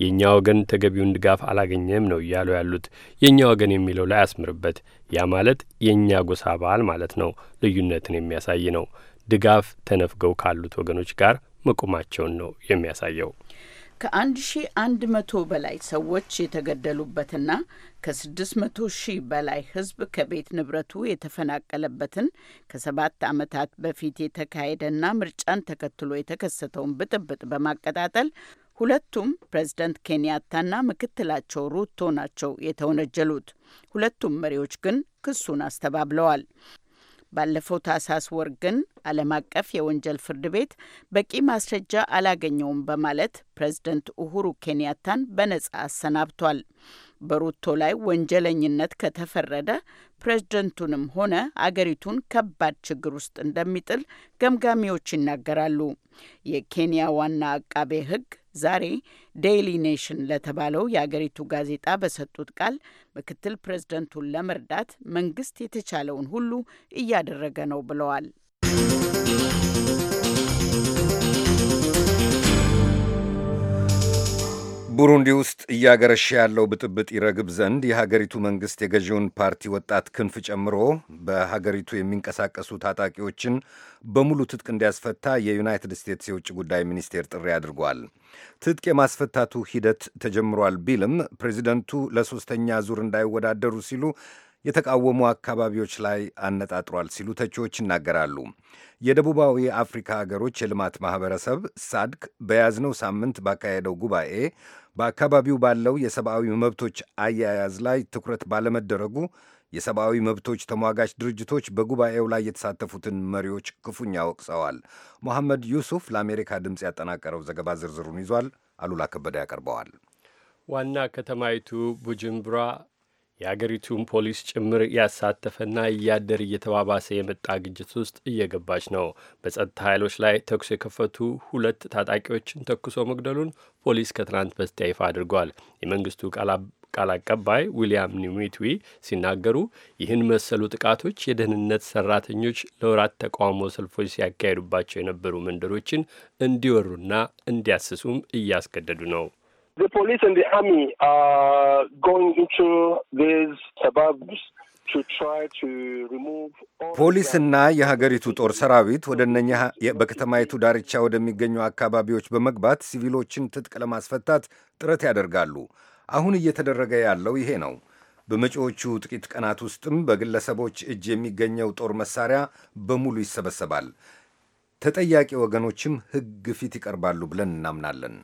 የእኛ ወገን ተገቢውን ድጋፍ አላገኘም ነው እያሉ ያሉት። የእኛ ወገን የሚለው ላይ አስምርበት። ያ ማለት የእኛ ጎሳ በዓል ማለት ነው። ልዩነትን የሚያሳይ ነው። ድጋፍ ተነፍገው ካሉት ወገኖች ጋር መቆማቸውን ነው የሚያሳየው። ከ1100 በላይ ሰዎች የተገደሉበትና ከ600 ሺህ በላይ ህዝብ ከቤት ንብረቱ የተፈናቀለበትን ከሰባት ዓመታት በፊት የተካሄደና ምርጫን ተከትሎ የተከሰተውን ብጥብጥ በማቀጣጠል ሁለቱም ፕሬዝደንት ኬንያታና ምክትላቸው ሩቶ ናቸው የተወነጀሉት። ሁለቱም መሪዎች ግን ክሱን አስተባብለዋል። ባለፈው ታህሳስ ወር ግን ዓለም አቀፍ የወንጀል ፍርድ ቤት በቂ ማስረጃ አላገኘውም በማለት ፕሬዝደንት ኡሁሩ ኬንያታን በነጻ አሰናብቷል። በሩቶ ላይ ወንጀለኝነት ከተፈረደ ፕሬዝደንቱንም ሆነ አገሪቱን ከባድ ችግር ውስጥ እንደሚጥል ገምጋሚዎች ይናገራሉ። የኬንያ ዋና አቃቤ ሕግ ዛሬ ዴይሊ ኔሽን ለተባለው የአገሪቱ ጋዜጣ በሰጡት ቃል ምክትል ፕሬዝደንቱን ለመርዳት መንግስት የተቻለውን ሁሉ እያደረገ ነው ብለዋል። ቡሩንዲ ውስጥ እያገረሸ ያለው ብጥብጥ ይረግብ ዘንድ የሀገሪቱ መንግሥት የገዢውን ፓርቲ ወጣት ክንፍ ጨምሮ በሀገሪቱ የሚንቀሳቀሱ ታጣቂዎችን በሙሉ ትጥቅ እንዲያስፈታ የዩናይትድ ስቴትስ የውጭ ጉዳይ ሚኒስቴር ጥሪ አድርጓል። ትጥቅ የማስፈታቱ ሂደት ተጀምሯል ቢልም ፕሬዚደንቱ ለሶስተኛ ዙር እንዳይወዳደሩ ሲሉ የተቃወሙ አካባቢዎች ላይ አነጣጥሯል ሲሉ ተቺዎች ይናገራሉ። የደቡባዊ አፍሪካ ሀገሮች የልማት ማህበረሰብ ሳድክ በያዝነው ሳምንት ባካሄደው ጉባኤ በአካባቢው ባለው የሰብአዊ መብቶች አያያዝ ላይ ትኩረት ባለመደረጉ የሰብአዊ መብቶች ተሟጋች ድርጅቶች በጉባኤው ላይ የተሳተፉትን መሪዎች ክፉኛ ወቅሰዋል። መሐመድ ዩሱፍ ለአሜሪካ ድምፅ ያጠናቀረው ዘገባ ዝርዝሩን ይዟል። አሉላ ከበደ ያቀርበዋል። ዋና ከተማይቱ ቡጅምብራ የአገሪቱን ፖሊስ ጭምር ያሳተፈና እያደር እየተባባሰ የመጣ ግጭት ውስጥ እየገባች ነው። በጸጥታ ኃይሎች ላይ ተኩስ የከፈቱ ሁለት ታጣቂዎችን ተኩሶ መግደሉን ፖሊስ ከትናንት በስቲያ ይፋ አድርጓል። የመንግስቱ ቃል አቀባይ ዊልያም ኒሚትዊ ሲናገሩ ይህን መሰሉ ጥቃቶች የደህንነት ሰራተኞች ለወራት ተቃውሞ ሰልፎች ሲያካሂዱባቸው የነበሩ መንደሮችን እንዲወሩና እንዲያስሱም እያስገደዱ ነው። ፖሊስና የሀገሪቱ ጦር ሰራዊት ወደ እነኛ በከተማይቱ ዳርቻ ወደሚገኙ አካባቢዎች በመግባት ሲቪሎችን ትጥቅ ለማስፈታት ጥረት ያደርጋሉ። አሁን እየተደረገ ያለው ይሄ ነው። በመጪዎቹ ጥቂት ቀናት ውስጥም በግለሰቦች እጅ የሚገኘው ጦር መሳሪያ በሙሉ ይሰበሰባል። ተጠያቂ ወገኖችም ሕግ ፊት ይቀርባሉ ብለን እናምናለን።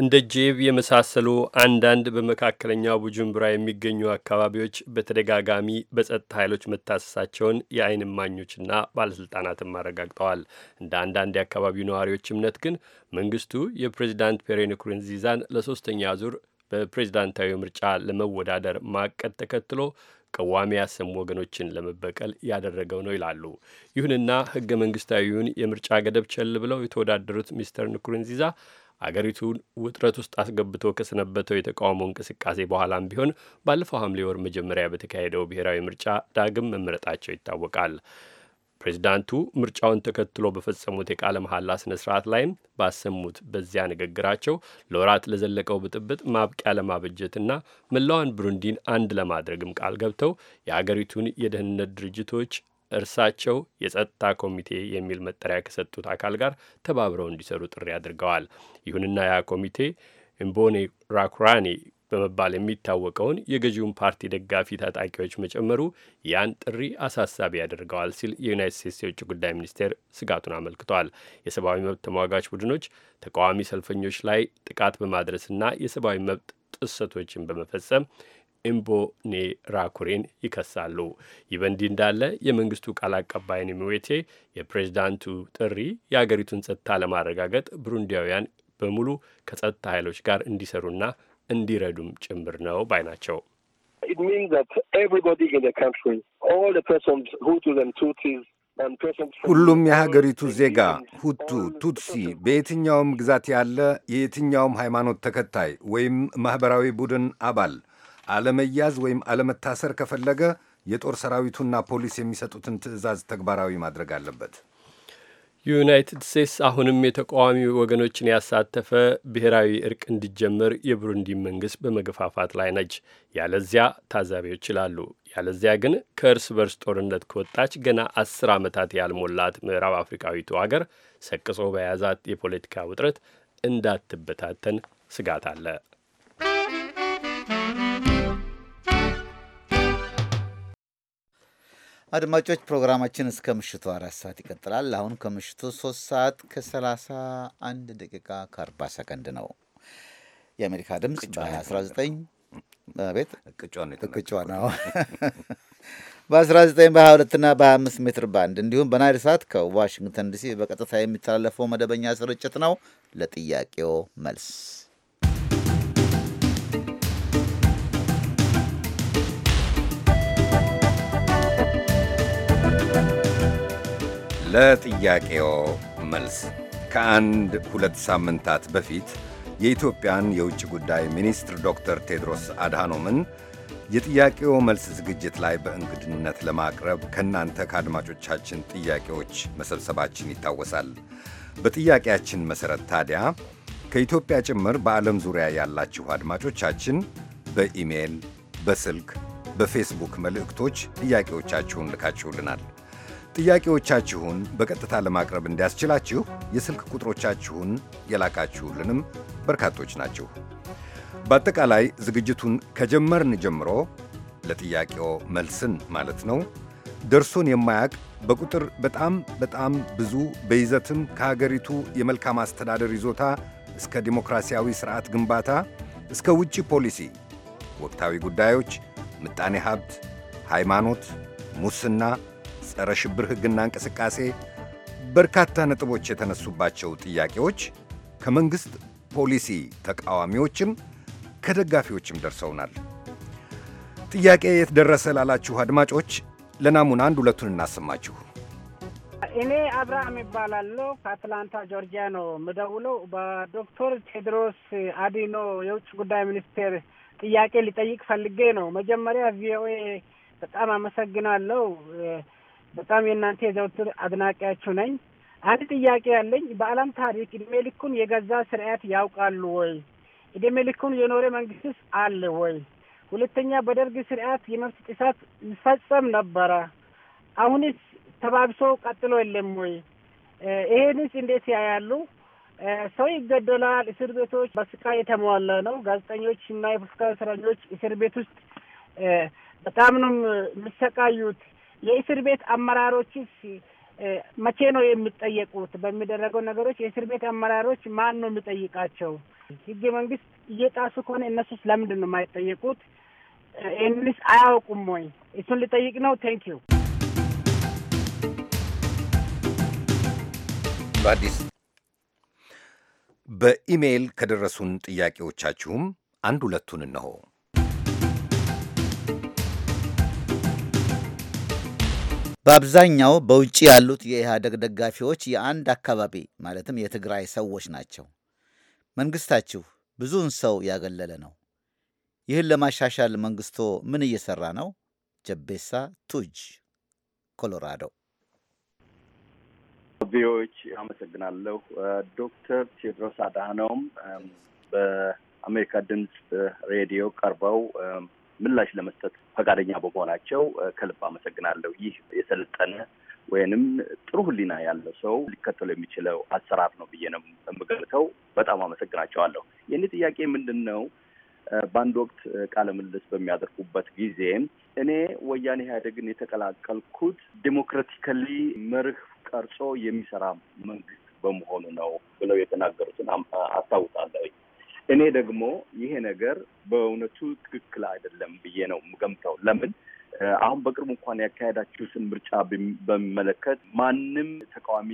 እንደ ጄብ የመሳሰሉ አንዳንድ በመካከለኛው ቡጅምብራ የሚገኙ አካባቢዎች በተደጋጋሚ በጸጥታ ኃይሎች መታሰሳቸውን የአይን እማኞችና ባለሥልጣናትም አረጋግጠዋል። እንደ አንዳንድ የአካባቢው ነዋሪዎች እምነት ግን መንግስቱ የፕሬዚዳንት ፔሬ ንኩሩንዚዛን ለሶስተኛ ዙር በፕሬዝዳንታዊ ምርጫ ለመወዳደር ማቀድ ተከትሎ ቀዋሚ ያሰሙ ወገኖችን ለመበቀል ያደረገው ነው ይላሉ። ይሁንና ህገ መንግስታዊውን የምርጫ ገደብ ቸል ብለው የተወዳደሩት ሚስተር ንኩሩንዚዛ አገሪቱን ውጥረት ውስጥ አስገብቶ ከሰነበተው የተቃውሞ እንቅስቃሴ በኋላም ቢሆን ባለፈው ሐምሌ ወር መጀመሪያ በተካሄደው ብሔራዊ ምርጫ ዳግም መመረጣቸው ይታወቃል። ፕሬዚዳንቱ ምርጫውን ተከትሎ በፈጸሙት የቃለ መሐላ ስነ ስርዓት ላይም ባሰሙት በዚያ ንግግራቸው ለወራት ለዘለቀው ብጥብጥ ማብቂያ ለማበጀትና መላዋን ብሩንዲን አንድ ለማድረግም ቃል ገብተው የአገሪቱን የደህንነት ድርጅቶች እርሳቸው የጸጥታ ኮሚቴ የሚል መጠሪያ ከሰጡት አካል ጋር ተባብረው እንዲሰሩ ጥሪ አድርገዋል። ይሁንና ያ ኮሚቴ ኢምቦኔ ራኩራኔ በመባል የሚታወቀውን የገዢውን ፓርቲ ደጋፊ ታጣቂዎች መጨመሩ ያን ጥሪ አሳሳቢ ያደርገዋል ሲል የዩናይት ስቴትስ የውጭ ጉዳይ ሚኒስቴር ስጋቱን አመልክቷል። የሰብአዊ መብት ተሟጋች ቡድኖች ተቃዋሚ ሰልፈኞች ላይ ጥቃት በማድረስና የሰብአዊ መብት ጥሰቶችን በመፈጸም ኢምቦኔ ራኩሬን ይከሳሉ። ይህ በእንዲህ እንዳለ የመንግስቱ ቃል አቀባይ ኒሚዌቴ የፕሬዚዳንቱ ጥሪ የአገሪቱን ጸጥታ ለማረጋገጥ ብሩንዲያውያን በሙሉ ከጸጥታ ኃይሎች ጋር እንዲሰሩና እንዲረዱም ጭምር ነው ባይ ናቸው። ሁሉም የሀገሪቱ ዜጋ ሁቱ፣ ቱትሲ፣ በየትኛውም ግዛት ያለ የየትኛውም ሃይማኖት ተከታይ ወይም ማኅበራዊ ቡድን አባል አለመያዝ ወይም አለመታሰር ከፈለገ የጦር ሰራዊቱና ፖሊስ የሚሰጡትን ትዕዛዝ ተግባራዊ ማድረግ አለበት። ዩናይትድ ስቴትስ አሁንም የተቃዋሚ ወገኖችን ያሳተፈ ብሔራዊ እርቅ እንዲጀመር የብሩንዲ መንግስት በመገፋፋት ላይ ነች። ያለዚያ ታዛቢዎች ይላሉ፣ ያለዚያ ግን ከእርስ በርስ ጦርነት ከወጣች ገና አስር ዓመታት ያልሞላት ምዕራብ አፍሪካዊቱ አገር ሰቅጾ በያዛት የፖለቲካ ውጥረት እንዳትበታተን ስጋት አለ። አድማጮች ፕሮግራማችን እስከ ምሽቱ አራት ሰዓት ይቀጥላል። አሁን ከምሽቱ ሶስት ሰዓት ከሰላሳ አንድ ደቂቃ ከአርባ ሰከንድ ነው። የአሜሪካ ድምፅ በ19 ቤት ነው በ19 በ22 ና በ25 ሜትር ባንድ እንዲሁም በናይል ሰዓት ከዋሽንግተን ዲሲ በቀጥታ የሚተላለፈው መደበኛ ስርጭት ነው። ለጥያቄው መልስ ለጥያቄው መልስ ከአንድ ሁለት ሳምንታት በፊት የኢትዮጵያን የውጭ ጉዳይ ሚኒስትር ዶክተር ቴድሮስ አድሃኖምን የጥያቄው መልስ ዝግጅት ላይ በእንግድነት ለማቅረብ ከእናንተ ከአድማጮቻችን ጥያቄዎች መሰብሰባችን ይታወሳል። በጥያቄያችን መሠረት ታዲያ ከኢትዮጵያ ጭምር በዓለም ዙሪያ ያላችሁ አድማጮቻችን በኢሜል፣ በስልክ፣ በፌስቡክ መልእክቶች ጥያቄዎቻችሁን ልካችሁልናል። ጥያቄዎቻችሁን በቀጥታ ለማቅረብ እንዲያስችላችሁ የስልክ ቁጥሮቻችሁን የላካችሁልንም በርካቶች ናችሁ። በአጠቃላይ ዝግጅቱን ከጀመርን ጀምሮ ለጥያቄው መልስን ማለት ነው ደርሶን የማያውቅ በቁጥር በጣም በጣም ብዙ በይዘትም ከሀገሪቱ የመልካም አስተዳደር ይዞታ እስከ ዲሞክራሲያዊ ሥርዓት ግንባታ እስከ ውጭ ፖሊሲ፣ ወቅታዊ ጉዳዮች፣ ምጣኔ ሀብት፣ ሃይማኖት፣ ሙስና ጸረ ሽብር ሕግና እንቅስቃሴ፣ በርካታ ነጥቦች የተነሱባቸው ጥያቄዎች ከመንግሥት ፖሊሲ ተቃዋሚዎችም ከደጋፊዎችም ደርሰውናል። ጥያቄ የት ደረሰ ላላችሁ አድማጮች ለናሙና አንድ ሁለቱን እናሰማችሁ። እኔ አብርሃም ይባላለሁ። ከአትላንታ ጆርጂያ ነው የምደውለው። በዶክተር ቴድሮስ አዲኖ የውጭ ጉዳይ ሚኒስቴር ጥያቄ ሊጠይቅ ፈልጌ ነው። መጀመሪያ ቪኦኤ በጣም አመሰግናለሁ። በጣም የእናንተ የዘውትር አድናቂያችሁ ነኝ። አንድ ጥያቄ ያለኝ በዓለም ታሪክ እድሜ ልኩን የገዛ ስርዓት ያውቃሉ ወይ? እድሜ ልኩን የኖረ መንግስትስ አለ ወይ? ሁለተኛ በደርግ ስርዓት የመብት ጥሰት ይፈጸም ነበረ። አሁንስ ተባብሶ ቀጥሎ የለም ወይ? ይሄንስ እንዴት ያያሉ? ሰው ይገደላል። እስር ቤቶች በስቃይ የተሟላ ነው። ጋዜጠኞች እና የፖለቲካ እስረኞች እስር ቤት ውስጥ በጣም ነው የሚሰቃዩት። የእስር ቤት አመራሮችስ መቼ ነው የሚጠየቁት? በሚደረገው ነገሮች የእስር ቤት አመራሮች ማን ነው የሚጠይቃቸው? ህገ መንግስት እየጣሱ ከሆነ እነሱስ ለምንድን ነው የማይጠየቁት? ይህንስ አያውቁም ወይ? እሱን ልጠይቅ ነው። ቴንክ ዩ። በአዲስ በኢሜይል ከደረሱን ጥያቄዎቻችሁም አንድ ሁለቱን እነሆ። በአብዛኛው በውጭ ያሉት የኢህአደግ ደጋፊዎች የአንድ አካባቢ ማለትም የትግራይ ሰዎች ናቸው። መንግስታችሁ ብዙውን ሰው ያገለለ ነው። ይህን ለማሻሻል መንግስቶ ምን እየሰራ ነው? ጀቤሳ ቱጅ ኮሎራዶ ቪዎች አመሰግናለሁ። ዶክተር ቴድሮስ አድሃኖም በአሜሪካ ድምፅ ሬዲዮ ቀርበው ምላሽ ለመስጠት ፈቃደኛ በመሆናቸው ከልብ አመሰግናለሁ። ይህ የሰለጠነ ወይንም ጥሩ ሕሊና ያለው ሰው ሊከተሉ የሚችለው አሰራር ነው ብዬ ነው የምገልተው። በጣም አመሰግናቸዋለሁ። የእኔ ጥያቄ ምንድን ነው? በአንድ ወቅት ቃለ ምልልስ በሚያደርጉበት ጊዜ እኔ ወያኔ ኢህአዴግን የተቀላቀልኩት ዴሞክራቲካሊ መርህ ቀርጾ የሚሰራ መንግስት በመሆኑ ነው ብለው የተናገሩትን አስታውሳለሁ። እኔ ደግሞ ይሄ ነገር በእውነቱ ትክክል አይደለም ብዬ ነው የምገምተው። ለምን አሁን በቅርቡ እንኳን ያካሄዳችሁትን ምርጫ በሚመለከት ማንም ተቃዋሚ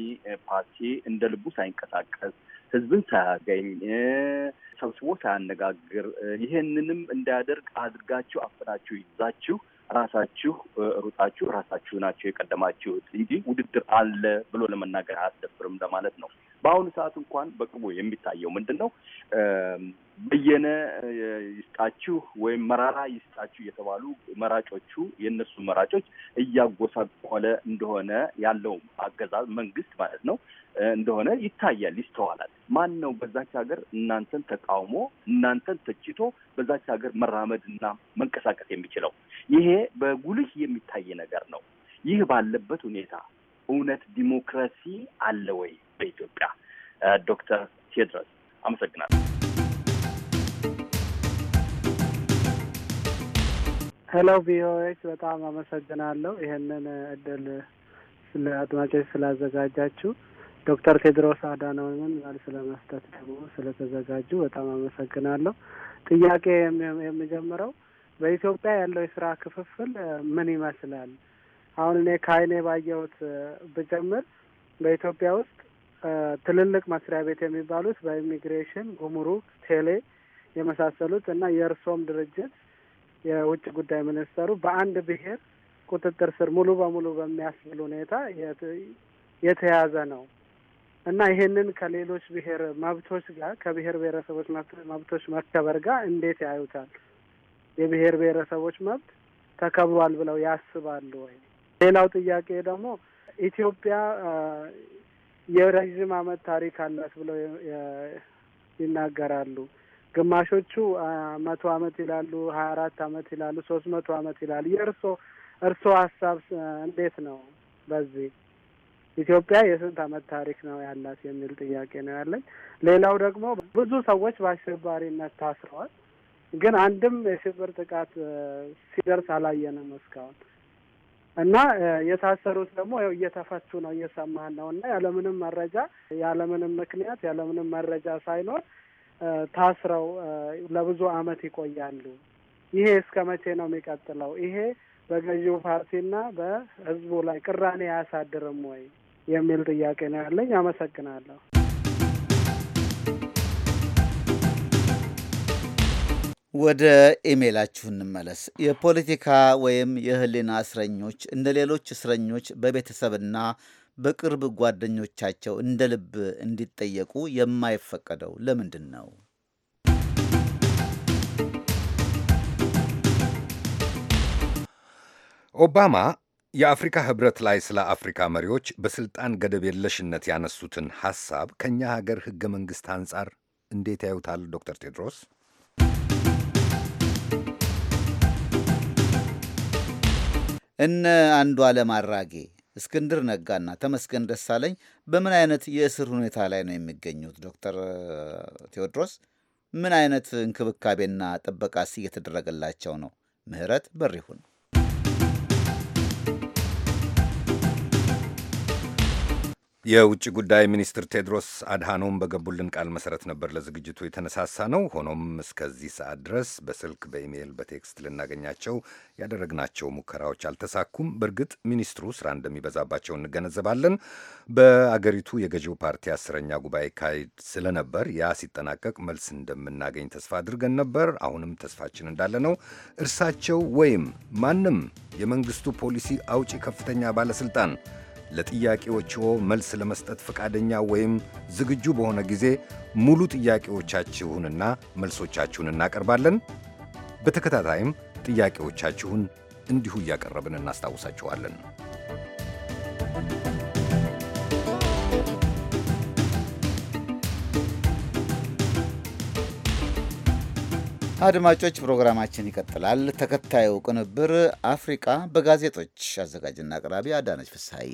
ፓርቲ እንደ ልቡ ሳይንቀሳቀስ ህዝብን ሳያገኝ ሰብስቦ ሳያነጋግር ይሄንንም እንዳያደርግ አድርጋችሁ አፍናችሁ ይዛችሁ ራሳችሁ ሩጣችሁ ራሳችሁ ናቸው የቀደማችሁት እንጂ ውድድር አለ ብሎ ለመናገር አያስደፍርም ለማለት ነው። በአሁኑ ሰዓት እንኳን በቅርቡ የሚታየው ምንድን ነው? በየነ ይስጣችሁ ወይም መራራ ይስጣችሁ የተባሉ መራጮቹ የእነሱ መራጮች እያጎሳቆለ እንደሆነ ያለው አገዛዝ መንግስት ማለት ነው እንደሆነ ይታያል፣ ይስተዋላል። ማን ነው በዛች ሀገር እናንተን ተቃውሞ እናንተን ተችቶ በዛች ሀገር መራመድ እና መንቀሳቀስ የሚችለው? ይሄ በጉልህ የሚታይ ነገር ነው። ይህ ባለበት ሁኔታ እውነት ዲሞክራሲ አለ ወይ በኢትዮጵያ? ዶክተር ቴድሮስ አመሰግናለሁ። ሄሎ ቪኦኤች በጣም አመሰግናለሁ ይህንን እድል አድማጮች ስላዘጋጃችሁ። ዶክተር ቴድሮስ አዳነውን ቃል ስለመስጠት ደግሞ ስለተዘጋጁ በጣም አመሰግናለሁ። ጥያቄ የሚጀምረው በኢትዮጵያ ያለው የስራ ክፍፍል ምን ይመስላል? አሁን እኔ ከአይኔ ባየሁት ብጀምር በኢትዮጵያ ውስጥ ትልልቅ መስሪያ ቤት የሚባሉት በኢሚግሬሽን፣ ጉምሩክ፣ ቴሌ የመሳሰሉት እና የእርሶም ድርጅት የውጭ ጉዳይ ሚኒስተሩ በአንድ ብሔር ቁጥጥር ስር ሙሉ በሙሉ በሚያስብል ሁኔታ የተያዘ ነው። እና ይሄንን ከሌሎች ብሔር መብቶች ጋር ከብሔር ብሔረሰቦች መብቶች መከበር ጋር እንዴት ያዩታል? የብሔር ብሔረሰቦች መብት ተከብሯል ብለው ያስባሉ ወይ? ሌላው ጥያቄ ደግሞ ኢትዮጵያ የረዥም ዓመት ታሪክ አላት ብለው ይናገራሉ። ግማሾቹ መቶ ዓመት ይላሉ፣ ሀያ አራት ዓመት ይላሉ፣ ሶስት መቶ ዓመት ይላሉ። የእርሶ እርሶ ሀሳብ እንዴት ነው በዚህ ኢትዮጵያ የስንት ዓመት ታሪክ ነው ያላት የሚል ጥያቄ ነው ያለኝ። ሌላው ደግሞ ብዙ ሰዎች በአሸባሪነት ታስረዋል፣ ግን አንድም የሽብር ጥቃት ሲደርስ አላየንም እስካሁን እና የታሰሩት ደግሞ ያው እየተፈቱ ነው እየሰማን ነው። እና ያለምንም መረጃ ያለምንም ምክንያት ያለምንም መረጃ ሳይኖር ታስረው ለብዙ ዓመት ይቆያሉ። ይሄ እስከ መቼ ነው የሚቀጥለው? ይሄ በገዢው ፓርቲና በህዝቡ ላይ ቅራኔ አያሳድርም ወይ? የሚል ጥያቄ ነው ያለኝ። አመሰግናለሁ። ወደ ኢሜላችሁ እንመለስ። የፖለቲካ ወይም የህሊና እስረኞች እንደ ሌሎች እስረኞች በቤተሰብና በቅርብ ጓደኞቻቸው እንደ ልብ እንዲጠየቁ የማይፈቀደው ለምንድን ነው? ኦባማ የአፍሪካ ህብረት ላይ ስለ አፍሪካ መሪዎች በስልጣን ገደብ የለሽነት ያነሱትን ሐሳብ ከእኛ ሀገር ህገ መንግሥት አንጻር እንዴት ያዩታል ዶክተር ቴድሮስ? እነ አንዱ ዓለም አራጌ፣ እስክንድር ነጋና ተመስገን ደሳለኝ በምን አይነት የእስር ሁኔታ ላይ ነው የሚገኙት? ዶክተር ቴዎድሮስ ምን አይነት እንክብካቤና ጥበቃስ እየተደረገላቸው ነው? ምህረት በሪሁን Bye. የውጭ ጉዳይ ሚኒስትር ቴድሮስ አድሃኖም በገቡልን ቃል መሰረት ነበር ለዝግጅቱ የተነሳሳ ነው። ሆኖም እስከዚህ ሰዓት ድረስ በስልክ በኢሜይል፣ በቴክስት ልናገኛቸው ያደረግናቸው ሙከራዎች አልተሳኩም። በእርግጥ ሚኒስትሩ ስራ እንደሚበዛባቸው እንገነዘባለን። በአገሪቱ የገዢው ፓርቲ አስረኛ ጉባኤ ካሄድ ስለነበር ያ ሲጠናቀቅ መልስ እንደምናገኝ ተስፋ አድርገን ነበር። አሁንም ተስፋችን እንዳለ ነው። እርሳቸው ወይም ማንም የመንግስቱ ፖሊሲ አውጪ ከፍተኛ ባለስልጣን ለጥያቄዎችዎ መልስ ለመስጠት ፈቃደኛ ወይም ዝግጁ በሆነ ጊዜ ሙሉ ጥያቄዎቻችሁንና መልሶቻችሁን እናቀርባለን። በተከታታይም ጥያቄዎቻችሁን እንዲሁ እያቀረብን እናስታውሳችኋለን። አድማጮች ፕሮግራማችን ይቀጥላል። ተከታዩ ቅንብር አፍሪቃ በጋዜጦች አዘጋጅና አቅራቢ አዳነች ፍስሐዬ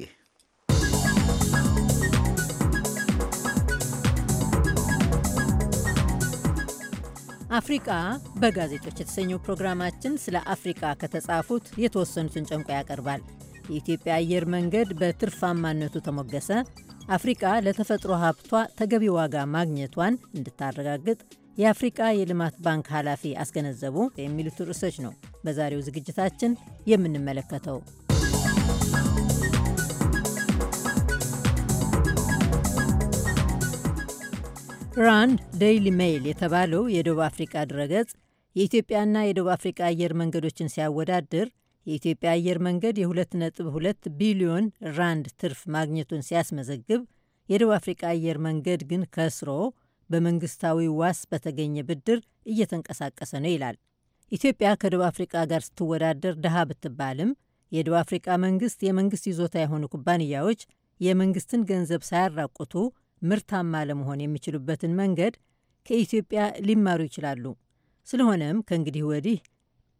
አፍሪቃ በጋዜጦች የተሰኘው ፕሮግራማችን ስለ አፍሪቃ ከተጻፉት የተወሰኑትን ጨምቆ ያቀርባል። የኢትዮጵያ አየር መንገድ በትርፋማነቱ ተሞገሰ፣ አፍሪቃ ለተፈጥሮ ሀብቷ ተገቢ ዋጋ ማግኘቷን እንድታረጋግጥ የአፍሪቃ የልማት ባንክ ኃላፊ አስገነዘቡ የሚሉት ርዕሶች ነው በዛሬው ዝግጅታችን የምንመለከተው። ራንድ ዴይሊ ሜይል የተባለው የደቡብ አፍሪቃ ድረገጽ የኢትዮጵያና የደቡብ አፍሪቃ አየር መንገዶችን ሲያወዳድር የኢትዮጵያ አየር መንገድ የ2.2 ቢሊዮን ራንድ ትርፍ ማግኘቱን ሲያስመዘግብ የደቡብ አፍሪቃ አየር መንገድ ግን ከስሮ በመንግስታዊ ዋስ በተገኘ ብድር እየተንቀሳቀሰ ነው ይላል። ኢትዮጵያ ከደቡብ አፍሪቃ ጋር ስትወዳደር ድሃ ብትባልም የደቡብ አፍሪቃ መንግስት የመንግስት ይዞታ የሆኑ ኩባንያዎች የመንግስትን ገንዘብ ሳያራቁቱ ምርታማ ለመሆን የሚችሉበትን መንገድ ከኢትዮጵያ ሊማሩ ይችላሉ። ስለሆነም ከእንግዲህ ወዲህ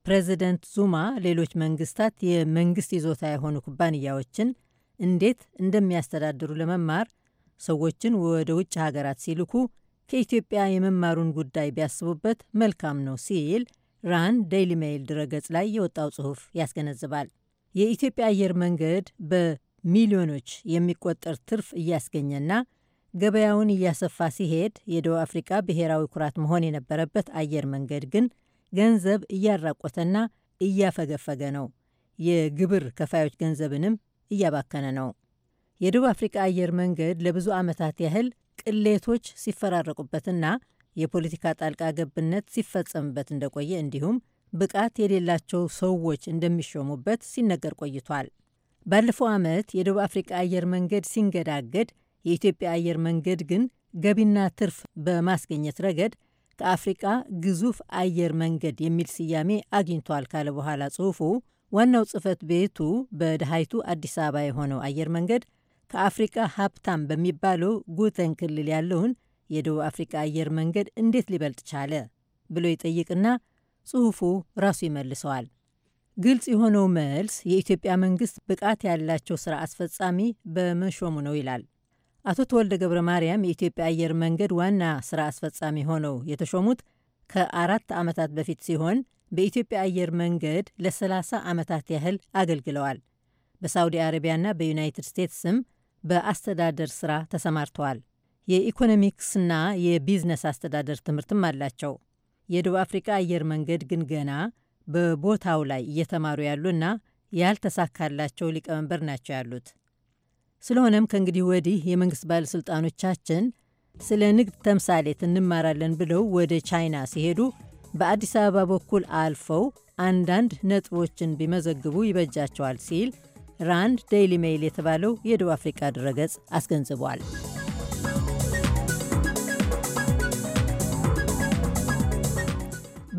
ፕሬዚደንት ዙማ ሌሎች መንግስታት የመንግስት ይዞታ የሆኑ ኩባንያዎችን እንዴት እንደሚያስተዳድሩ ለመማር ሰዎችን ወደ ውጭ ሀገራት ሲልኩ ከኢትዮጵያ የመማሩን ጉዳይ ቢያስቡበት መልካም ነው ሲል ራን ዴይሊ ሜይል ድረገጽ ላይ የወጣው ጽሑፍ ያስገነዝባል። የኢትዮጵያ አየር መንገድ በሚሊዮኖች የሚቆጠር ትርፍ እያስገኘና ገበያውን እያሰፋ ሲሄድ የደቡብ አፍሪቃ ብሔራዊ ኩራት መሆን የነበረበት አየር መንገድ ግን ገንዘብ እያራቆተና እያፈገፈገ ነው። የግብር ከፋዮች ገንዘብንም እያባከነ ነው። የደቡብ አፍሪቃ አየር መንገድ ለብዙ ዓመታት ያህል ቅሌቶች ሲፈራረቁበትና የፖለቲካ ጣልቃ ገብነት ሲፈጸምበት እንደቆየ እንዲሁም ብቃት የሌላቸው ሰዎች እንደሚሾሙበት ሲነገር ቆይቷል። ባለፈው ዓመት የደቡብ አፍሪቃ አየር መንገድ ሲንገዳገድ የኢትዮጵያ አየር መንገድ ግን ገቢና ትርፍ በማስገኘት ረገድ ከአፍሪቃ ግዙፍ አየር መንገድ የሚል ስያሜ አግኝቷል ካለ በኋላ ጽሑፉ ዋናው ጽህፈት ቤቱ በድሃይቱ አዲስ አበባ የሆነው አየር መንገድ ከአፍሪቃ ሀብታም በሚባለው ጉተን ክልል ያለውን የደቡብ አፍሪቃ አየር መንገድ እንዴት ሊበልጥ ቻለ ብሎ ይጠይቅና ጽሑፉ ራሱ ይመልሰዋል። ግልጽ የሆነው መልስ የኢትዮጵያ መንግስት ብቃት ያላቸው ስራ አስፈጻሚ በመሾሙ ነው ይላል። አቶ ተወልደ ገብረ ማርያም የኢትዮጵያ አየር መንገድ ዋና ስራ አስፈጻሚ ሆነው የተሾሙት ከአራት ዓመታት በፊት ሲሆን በኢትዮጵያ አየር መንገድ ለ30 ዓመታት ያህል አገልግለዋል። በሳውዲ አረቢያና በዩናይትድ ስቴትስም በአስተዳደር ስራ ተሰማርተዋል። የኢኮኖሚክስና የቢዝነስ አስተዳደር ትምህርትም አላቸው። የደቡብ አፍሪካ አየር መንገድ ግን ገና በቦታው ላይ እየተማሩ ያሉና ያልተሳካላቸው ሊቀመንበር ናቸው ያሉት ስለሆነም ከእንግዲህ ወዲህ የመንግስት ባለሥልጣኖቻችን ስለ ንግድ ተምሳሌት እንማራለን ብለው ወደ ቻይና ሲሄዱ በአዲስ አበባ በኩል አልፈው አንዳንድ ነጥቦችን ቢመዘግቡ ይበጃቸዋል ሲል ራንድ ዴይሊ ሜይል የተባለው የደቡብ አፍሪካ ድረገጽ አስገንዝቧል።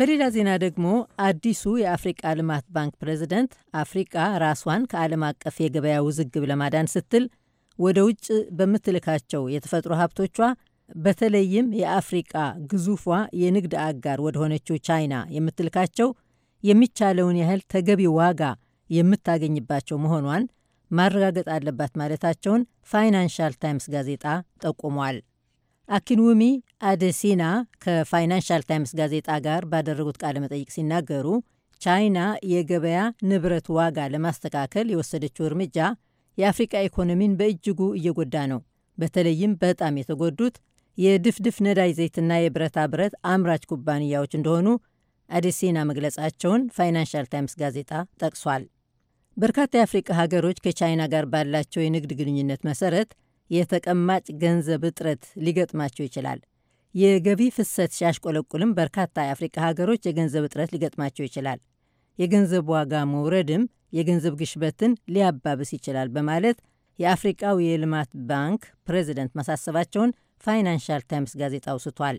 በሌላ ዜና ደግሞ አዲሱ የአፍሪቃ ልማት ባንክ ፕሬዚደንት አፍሪቃ ራሷን ከዓለም አቀፍ የገበያ ውዝግብ ለማዳን ስትል ወደ ውጭ በምትልካቸው የተፈጥሮ ሀብቶቿ በተለይም የአፍሪቃ ግዙፏ የንግድ አጋር ወደ ሆነችው ቻይና የምትልካቸው የሚቻለውን ያህል ተገቢ ዋጋ የምታገኝባቸው መሆኗን ማረጋገጥ አለባት ማለታቸውን ፋይናንሻል ታይምስ ጋዜጣ ጠቁሟል። አኪንውሚ አደሲና ከፋይናንሻል ታይምስ ጋዜጣ ጋር ባደረጉት ቃለ መጠይቅ ሲናገሩ ቻይና የገበያ ንብረት ዋጋ ለማስተካከል የወሰደችው እርምጃ የአፍሪቃ ኢኮኖሚን በእጅጉ እየጎዳ ነው። በተለይም በጣም የተጎዱት የድፍድፍ ነዳጅ ዘይትና የብረታ ብረት አምራች ኩባንያዎች እንደሆኑ አዴሲና መግለጻቸውን ፋይናንሻል ታይምስ ጋዜጣ ጠቅሷል። በርካታ የአፍሪቃ ሀገሮች ከቻይና ጋር ባላቸው የንግድ ግንኙነት መሰረት የተቀማጭ ገንዘብ እጥረት ሊገጥማቸው ይችላል። የገቢ ፍሰት ሲያሽቆለቁልም በርካታ የአፍሪካ ሀገሮች የገንዘብ እጥረት ሊገጥማቸው ይችላል። የገንዘብ ዋጋ መውረድም የገንዘብ ግሽበትን ሊያባብስ ይችላል በማለት የአፍሪቃው የልማት ባንክ ፕሬዚደንት ማሳሰባቸውን ፋይናንሻል ታይምስ ጋዜጣ አውስቷል።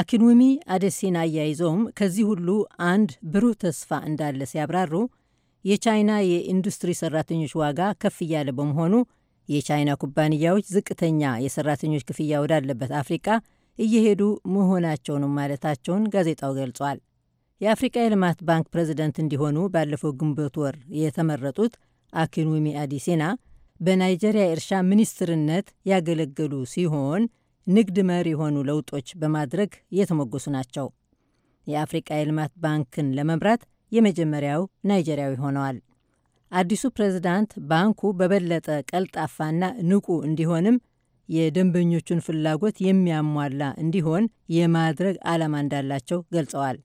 አኪንዊሚ አደሲን አያይዘውም ከዚህ ሁሉ አንድ ብሩህ ተስፋ እንዳለ ሲያብራሩ የቻይና የኢንዱስትሪ ሰራተኞች ዋጋ ከፍ እያለ በመሆኑ የቻይና ኩባንያዎች ዝቅተኛ የሰራተኞች ክፍያ ወዳለበት አፍሪቃ እየሄዱ መሆናቸውንም ማለታቸውን ጋዜጣው ገልጿል። የአፍሪቃ የልማት ባንክ ፕሬዚደንት እንዲሆኑ ባለፈው ግንቦት ወር የተመረጡት አኪንዊሚ አዲሲና በናይጀሪያ የእርሻ ሚኒስትርነት ያገለገሉ ሲሆን ንግድ መር የሆኑ ለውጦች በማድረግ የተሞገሱ ናቸው። የአፍሪቃ የልማት ባንክን ለመምራት የመጀመሪያው ናይጀሪያዊ ሆነዋል። አዲሱ ፕሬዝዳንት ባንኩ በበለጠ ቀልጣፋና ንቁ እንዲሆንም የደንበኞቹን ፍላጎት የሚያሟላ እንዲሆን የማድረግ ዓላማ እንዳላቸው ገልጸዋል።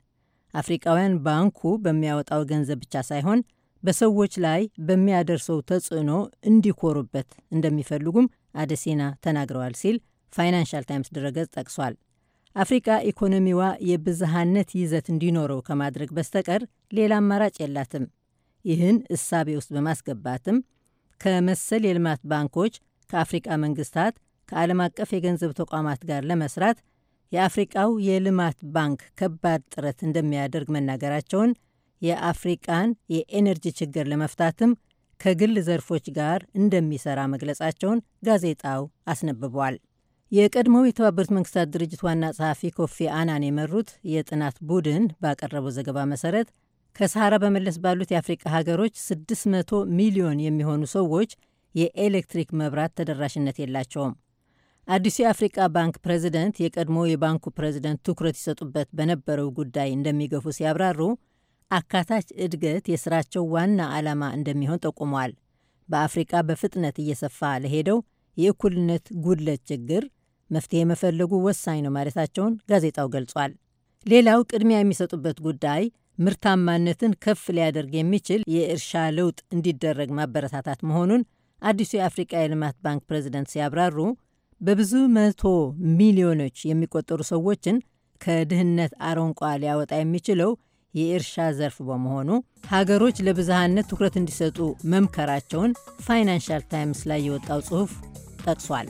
አፍሪቃውያን ባንኩ በሚያወጣው ገንዘብ ብቻ ሳይሆን በሰዎች ላይ በሚያደርሰው ተጽዕኖ እንዲኮሩበት እንደሚፈልጉም አደሴና ተናግረዋል ሲል ፋይናንሻል ታይምስ ድረገጽ ጠቅሷል። አፍሪቃ ኢኮኖሚዋ የብዝሃነት ይዘት እንዲኖረው ከማድረግ በስተቀር ሌላ አማራጭ የላትም። ይህን እሳቤ ውስጥ በማስገባትም ከመሰል የልማት ባንኮች ከአፍሪቃ መንግስታት፣ ከዓለም አቀፍ የገንዘብ ተቋማት ጋር ለመስራት የአፍሪቃው የልማት ባንክ ከባድ ጥረት እንደሚያደርግ መናገራቸውን የአፍሪቃን የኤነርጂ ችግር ለመፍታትም ከግል ዘርፎች ጋር እንደሚሰራ መግለጻቸውን ጋዜጣው አስነብቧል። የቀድሞው የተባበሩት መንግስታት ድርጅት ዋና ጸሐፊ ኮፊ አናን የመሩት የጥናት ቡድን ባቀረበው ዘገባ መሰረት ከሰሃራ በመለስ ባሉት የአፍሪቃ ሀገሮች 600 ሚሊዮን የሚሆኑ ሰዎች የኤሌክትሪክ መብራት ተደራሽነት የላቸውም። አዲሱ የአፍሪቃ ባንክ ፕሬዚደንት የቀድሞ የባንኩ ፕሬዚደንት ትኩረት ይሰጡበት በነበረው ጉዳይ እንደሚገፉ ሲያብራሩ አካታች እድገት የስራቸው ዋና ዓላማ እንደሚሆን ጠቁመዋል። በአፍሪቃ በፍጥነት እየሰፋ ለሄደው የእኩልነት ጉድለት ችግር መፍትሄ መፈለጉ ወሳኝ ነው ማለታቸውን ጋዜጣው ገልጿል። ሌላው ቅድሚያ የሚሰጡበት ጉዳይ ምርታማነትን ከፍ ሊያደርግ የሚችል የእርሻ ለውጥ እንዲደረግ ማበረታታት መሆኑን አዲሱ የአፍሪቃ የልማት ባንክ ፕሬዚደንት ሲያብራሩ በብዙ መቶ ሚሊዮኖች የሚቆጠሩ ሰዎችን ከድህነት አረንቋ ሊያወጣ የሚችለው የእርሻ ዘርፍ በመሆኑ ሀገሮች ለብዝሃነት ትኩረት እንዲሰጡ መምከራቸውን ፋይናንሻል ታይምስ ላይ የወጣው ጽሑፍ ጠቅሷል።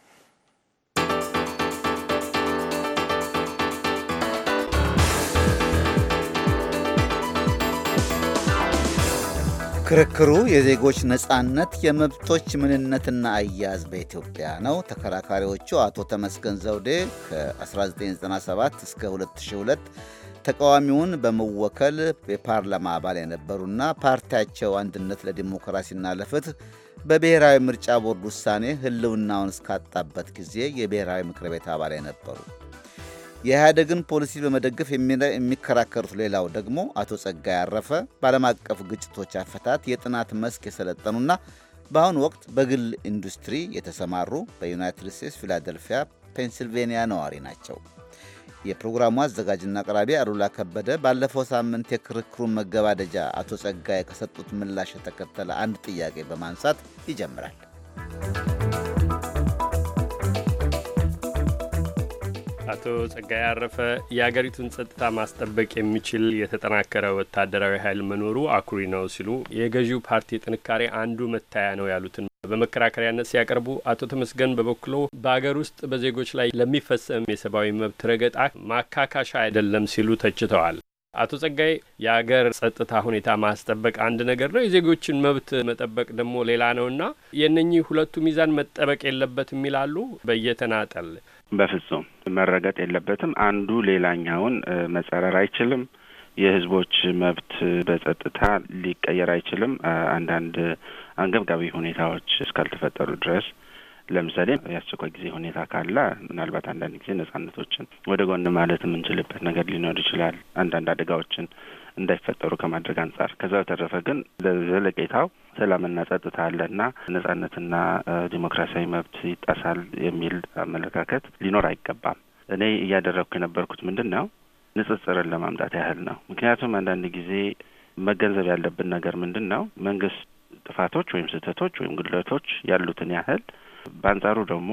ክርክሩ የዜጎች ነጻነት፣ የመብቶች ምንነትና አያያዝ በኢትዮጵያ ነው። ተከራካሪዎቹ አቶ ተመስገን ዘውዴ ከ1997 እስከ 2002 ተቃዋሚውን በመወከል የፓርላማ አባል የነበሩና ፓርቲያቸው አንድነት ለዲሞክራሲና ለፍትህ በብሔራዊ ምርጫ ቦርድ ውሳኔ ህልውናውን እስካጣበት ጊዜ የብሔራዊ ምክር ቤት አባል የነበሩ የኢህአደግን ፖሊሲ በመደገፍ የሚከራከሩት ሌላው ደግሞ አቶ ጸጋይ አረፈ በዓለም አቀፍ ግጭቶች አፈታት የጥናት መስክ የሰለጠኑና በአሁኑ ወቅት በግል ኢንዱስትሪ የተሰማሩ በዩናይትድ ስቴትስ ፊላደልፊያ፣ ፔንስልቬንያ ነዋሪ ናቸው። የፕሮግራሙ አዘጋጅና አቅራቢ አሉላ ከበደ ባለፈው ሳምንት የክርክሩን መገባደጃ አቶ ጸጋይ ከሰጡት ምላሽ የተከተለ አንድ ጥያቄ በማንሳት ይጀምራል። አቶ ጸጋይ አረፈ የአገሪቱን ጸጥታ ማስጠበቅ የሚችል የተጠናከረ ወታደራዊ ኃይል መኖሩ አኩሪ ነው ሲሉ የገዢው ፓርቲ ጥንካሬ አንዱ መታያ ነው ያሉትን በመከራከሪያነት ሲያቀርቡ፣ አቶ ተመስገን በበኩሎ በአገር ውስጥ በዜጎች ላይ ለሚፈጸም የሰብአዊ መብት ረገጣ ማካካሻ አይደለም ሲሉ ተችተዋል። አቶ ጸጋይ የአገር ጸጥታ ሁኔታ ማስጠበቅ አንድ ነገር ነው፣ የዜጎችን መብት መጠበቅ ደግሞ ሌላ ነውና የእነኚህ ሁለቱ ሚዛን መጠበቅ የለበትም ይላሉ በየተናጠል በፍጹም መረገጥ የለበትም። አንዱ ሌላኛውን መጸረር አይችልም። የህዝቦች መብት በጸጥታ ሊቀየር አይችልም። አንዳንድ አንገብጋቢ ሁኔታዎች እስካልተፈጠሩ ድረስ ለምሳሌ የአስቸኳይ ጊዜ ሁኔታ ካለ ምናልባት አንዳንድ ጊዜ ነጻነቶችን ወደ ጎን ማለት የምንችልበት ነገር ሊኖር ይችላል። አንዳንድ አደጋዎችን እንዳይፈጠሩ ከማድረግ አንጻር። ከዛ በተረፈ ግን ለዘለቄታው ሰላምና ጸጥታ አለና ነጻነትና ዲሞክራሲያዊ መብት ይጣሳል የሚል አመለካከት ሊኖር አይገባም። እኔ እያደረግኩ የነበርኩት ምንድን ነው ንጽጽርን ለማምጣት ያህል ነው። ምክንያቱም አንዳንድ ጊዜ መገንዘብ ያለብን ነገር ምንድን ነው መንግስት ጥፋቶች ወይም ስህተቶች ወይም ጉድለቶች ያሉትን ያህል በአንጻሩ ደግሞ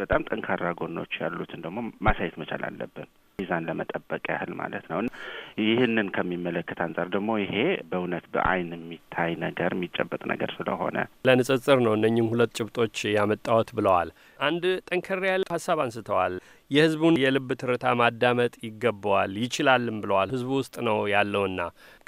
በጣም ጠንካራ ጎኖች ያሉትን ደግሞ ማሳየት መቻል አለብን። ሚዛን ለመጠበቅ ያህል ማለት ነው። ይህንን ከሚመለከት አንጻር ደግሞ ይሄ በእውነት በአይን የሚታይ ነገር የሚጨበጥ ነገር ስለሆነ ለንጽጽር ነው እነኝም ሁለት ጭብጦች ያመጣወት ብለዋል። አንድ ጠንከር ያለ ሀሳብ አንስተዋል። የህዝቡን የልብ ትርታ ማዳመጥ ይገባዋል ይችላልም ብለዋል። ህዝቡ ውስጥ ነው ያለውና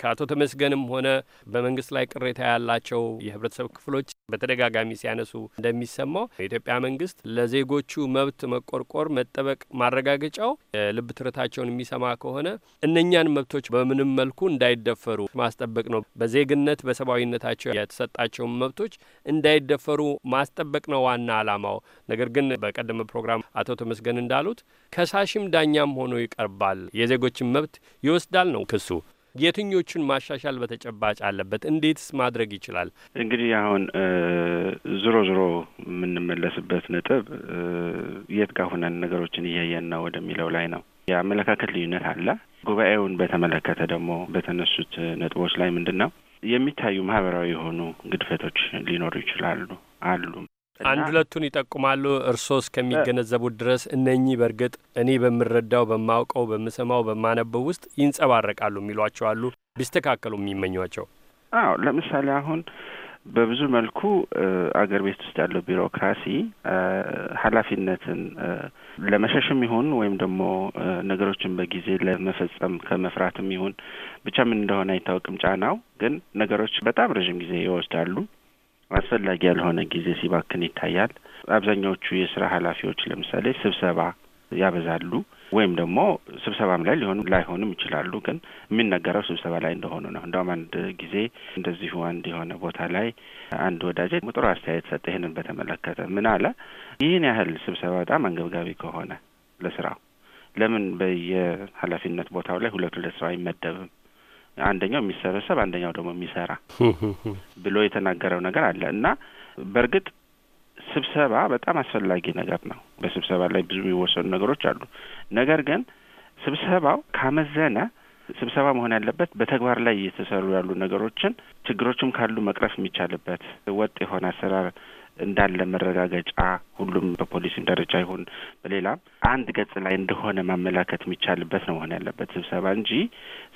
ከአቶ ተመስገንም ሆነ በመንግስት ላይ ቅሬታ ያላቸው የህብረተሰብ ክፍሎች በተደጋጋሚ ሲያነሱ እንደሚሰማው የኢትዮጵያ መንግስት ለዜጎቹ መብት መቆርቆር፣ መጠበቅ ማረጋገጫው የልብ ትርታቸውን የሚሰማ ከሆነ እነኛን መብቶች በምንም መልኩ እንዳይደፈሩ ማስጠበቅ ነው። በዜግነት በሰብአዊነታቸው የተሰጣቸውን መብቶች እንዳይደፈሩ ማስጠበቅ ነው ዋና አላማው ነገር ግን በቀደመ ፕሮግራም አቶ ተመስገን እንዳሉ እንዳሉት ከሳሽም ዳኛም ሆኖ ይቀርባል፣ የዜጎችን መብት ይወስዳል ነው ክሱ። የትኞቹን ማሻሻል በተጨባጭ አለበት? እንዴትስ ማድረግ ይችላል? እንግዲህ አሁን ዞሮ ዞሮ የምንመለስበት ነጥብ የት ጋር ሆነን ነገሮችን እያየን ነው ወደሚለው ላይ ነው። የአመለካከት ልዩነት አለ። ጉባኤውን በተመለከተ ደግሞ በተነሱት ነጥቦች ላይ ምንድን ነው የሚታዩ ማህበራዊ የሆኑ ግድፈቶች ሊኖሩ ይችላሉ አሉ። አንድ ሁለቱን ይጠቁማሉ። እርስዎ እስከሚገነዘቡት ድረስ እነኚህ በእርግጥ እኔ በምረዳው በማውቀው፣ በምሰማው፣ በማነበው ውስጥ ይንጸባረቃሉ የሚሏቸው አሉ ቢስተካከሉ የሚመኟቸው? አዎ ለምሳሌ አሁን በብዙ መልኩ አገር ቤት ውስጥ ያለው ቢሮክራሲ ኃላፊነትን ለመሸሽም ይሁን ወይም ደግሞ ነገሮችን በጊዜ ለመፈጸም ከመፍራትም ይሁን ብቻ ምን እንደሆነ አይታወቅም። ጫናው ግን ነገሮች በጣም ረዥም ጊዜ ይወስዳሉ። አስፈላጊ ያልሆነ ጊዜ ሲባክን ይታያል። አብዛኛዎቹ የስራ ኃላፊዎች ለምሳሌ ስብሰባ ያበዛሉ ወይም ደግሞ ስብሰባም ላይ ሊሆኑ ላይሆንም ይችላሉ። ግን የሚነገረው ስብሰባ ላይ እንደሆኑ ነው። እንደውም አንድ ጊዜ እንደዚሁ አንድ የሆነ ቦታ ላይ አንድ ወዳጄ ጥሩ አስተያየት ሰጠ። ይህንን በተመለከተ ምን አለ? ይህን ያህል ስብሰባ በጣም አንገብጋቢ ከሆነ ለስራው ለምን በየኃላፊነት ቦታው ላይ ሁለት ሁለት ሰው አይመደብም? አንደኛው የሚሰበሰብ አንደኛው ደግሞ የሚሰራ [LAUGHS] ብሎ የተናገረው ነገር አለ እና በእርግጥ ስብሰባ በጣም አስፈላጊ ነገር ነው። በስብሰባ ላይ ብዙ የሚወሰኑ ነገሮች አሉ። ነገር ግን ስብሰባው ካመዘነ ስብሰባ መሆን ያለበት በተግባር ላይ እየተሰሩ ያሉ ነገሮችን ችግሮችም ካሉ መቅረፍ የሚቻልበት ወጥ የሆነ አሰራር እንዳለ መረጋገጫ ሁሉም በፖሊሲም ደረጃ ይሁን በሌላም አንድ ገጽ ላይ እንደሆነ ማመላከት የሚቻልበት ነው መሆን ያለበት ስብሰባ እንጂ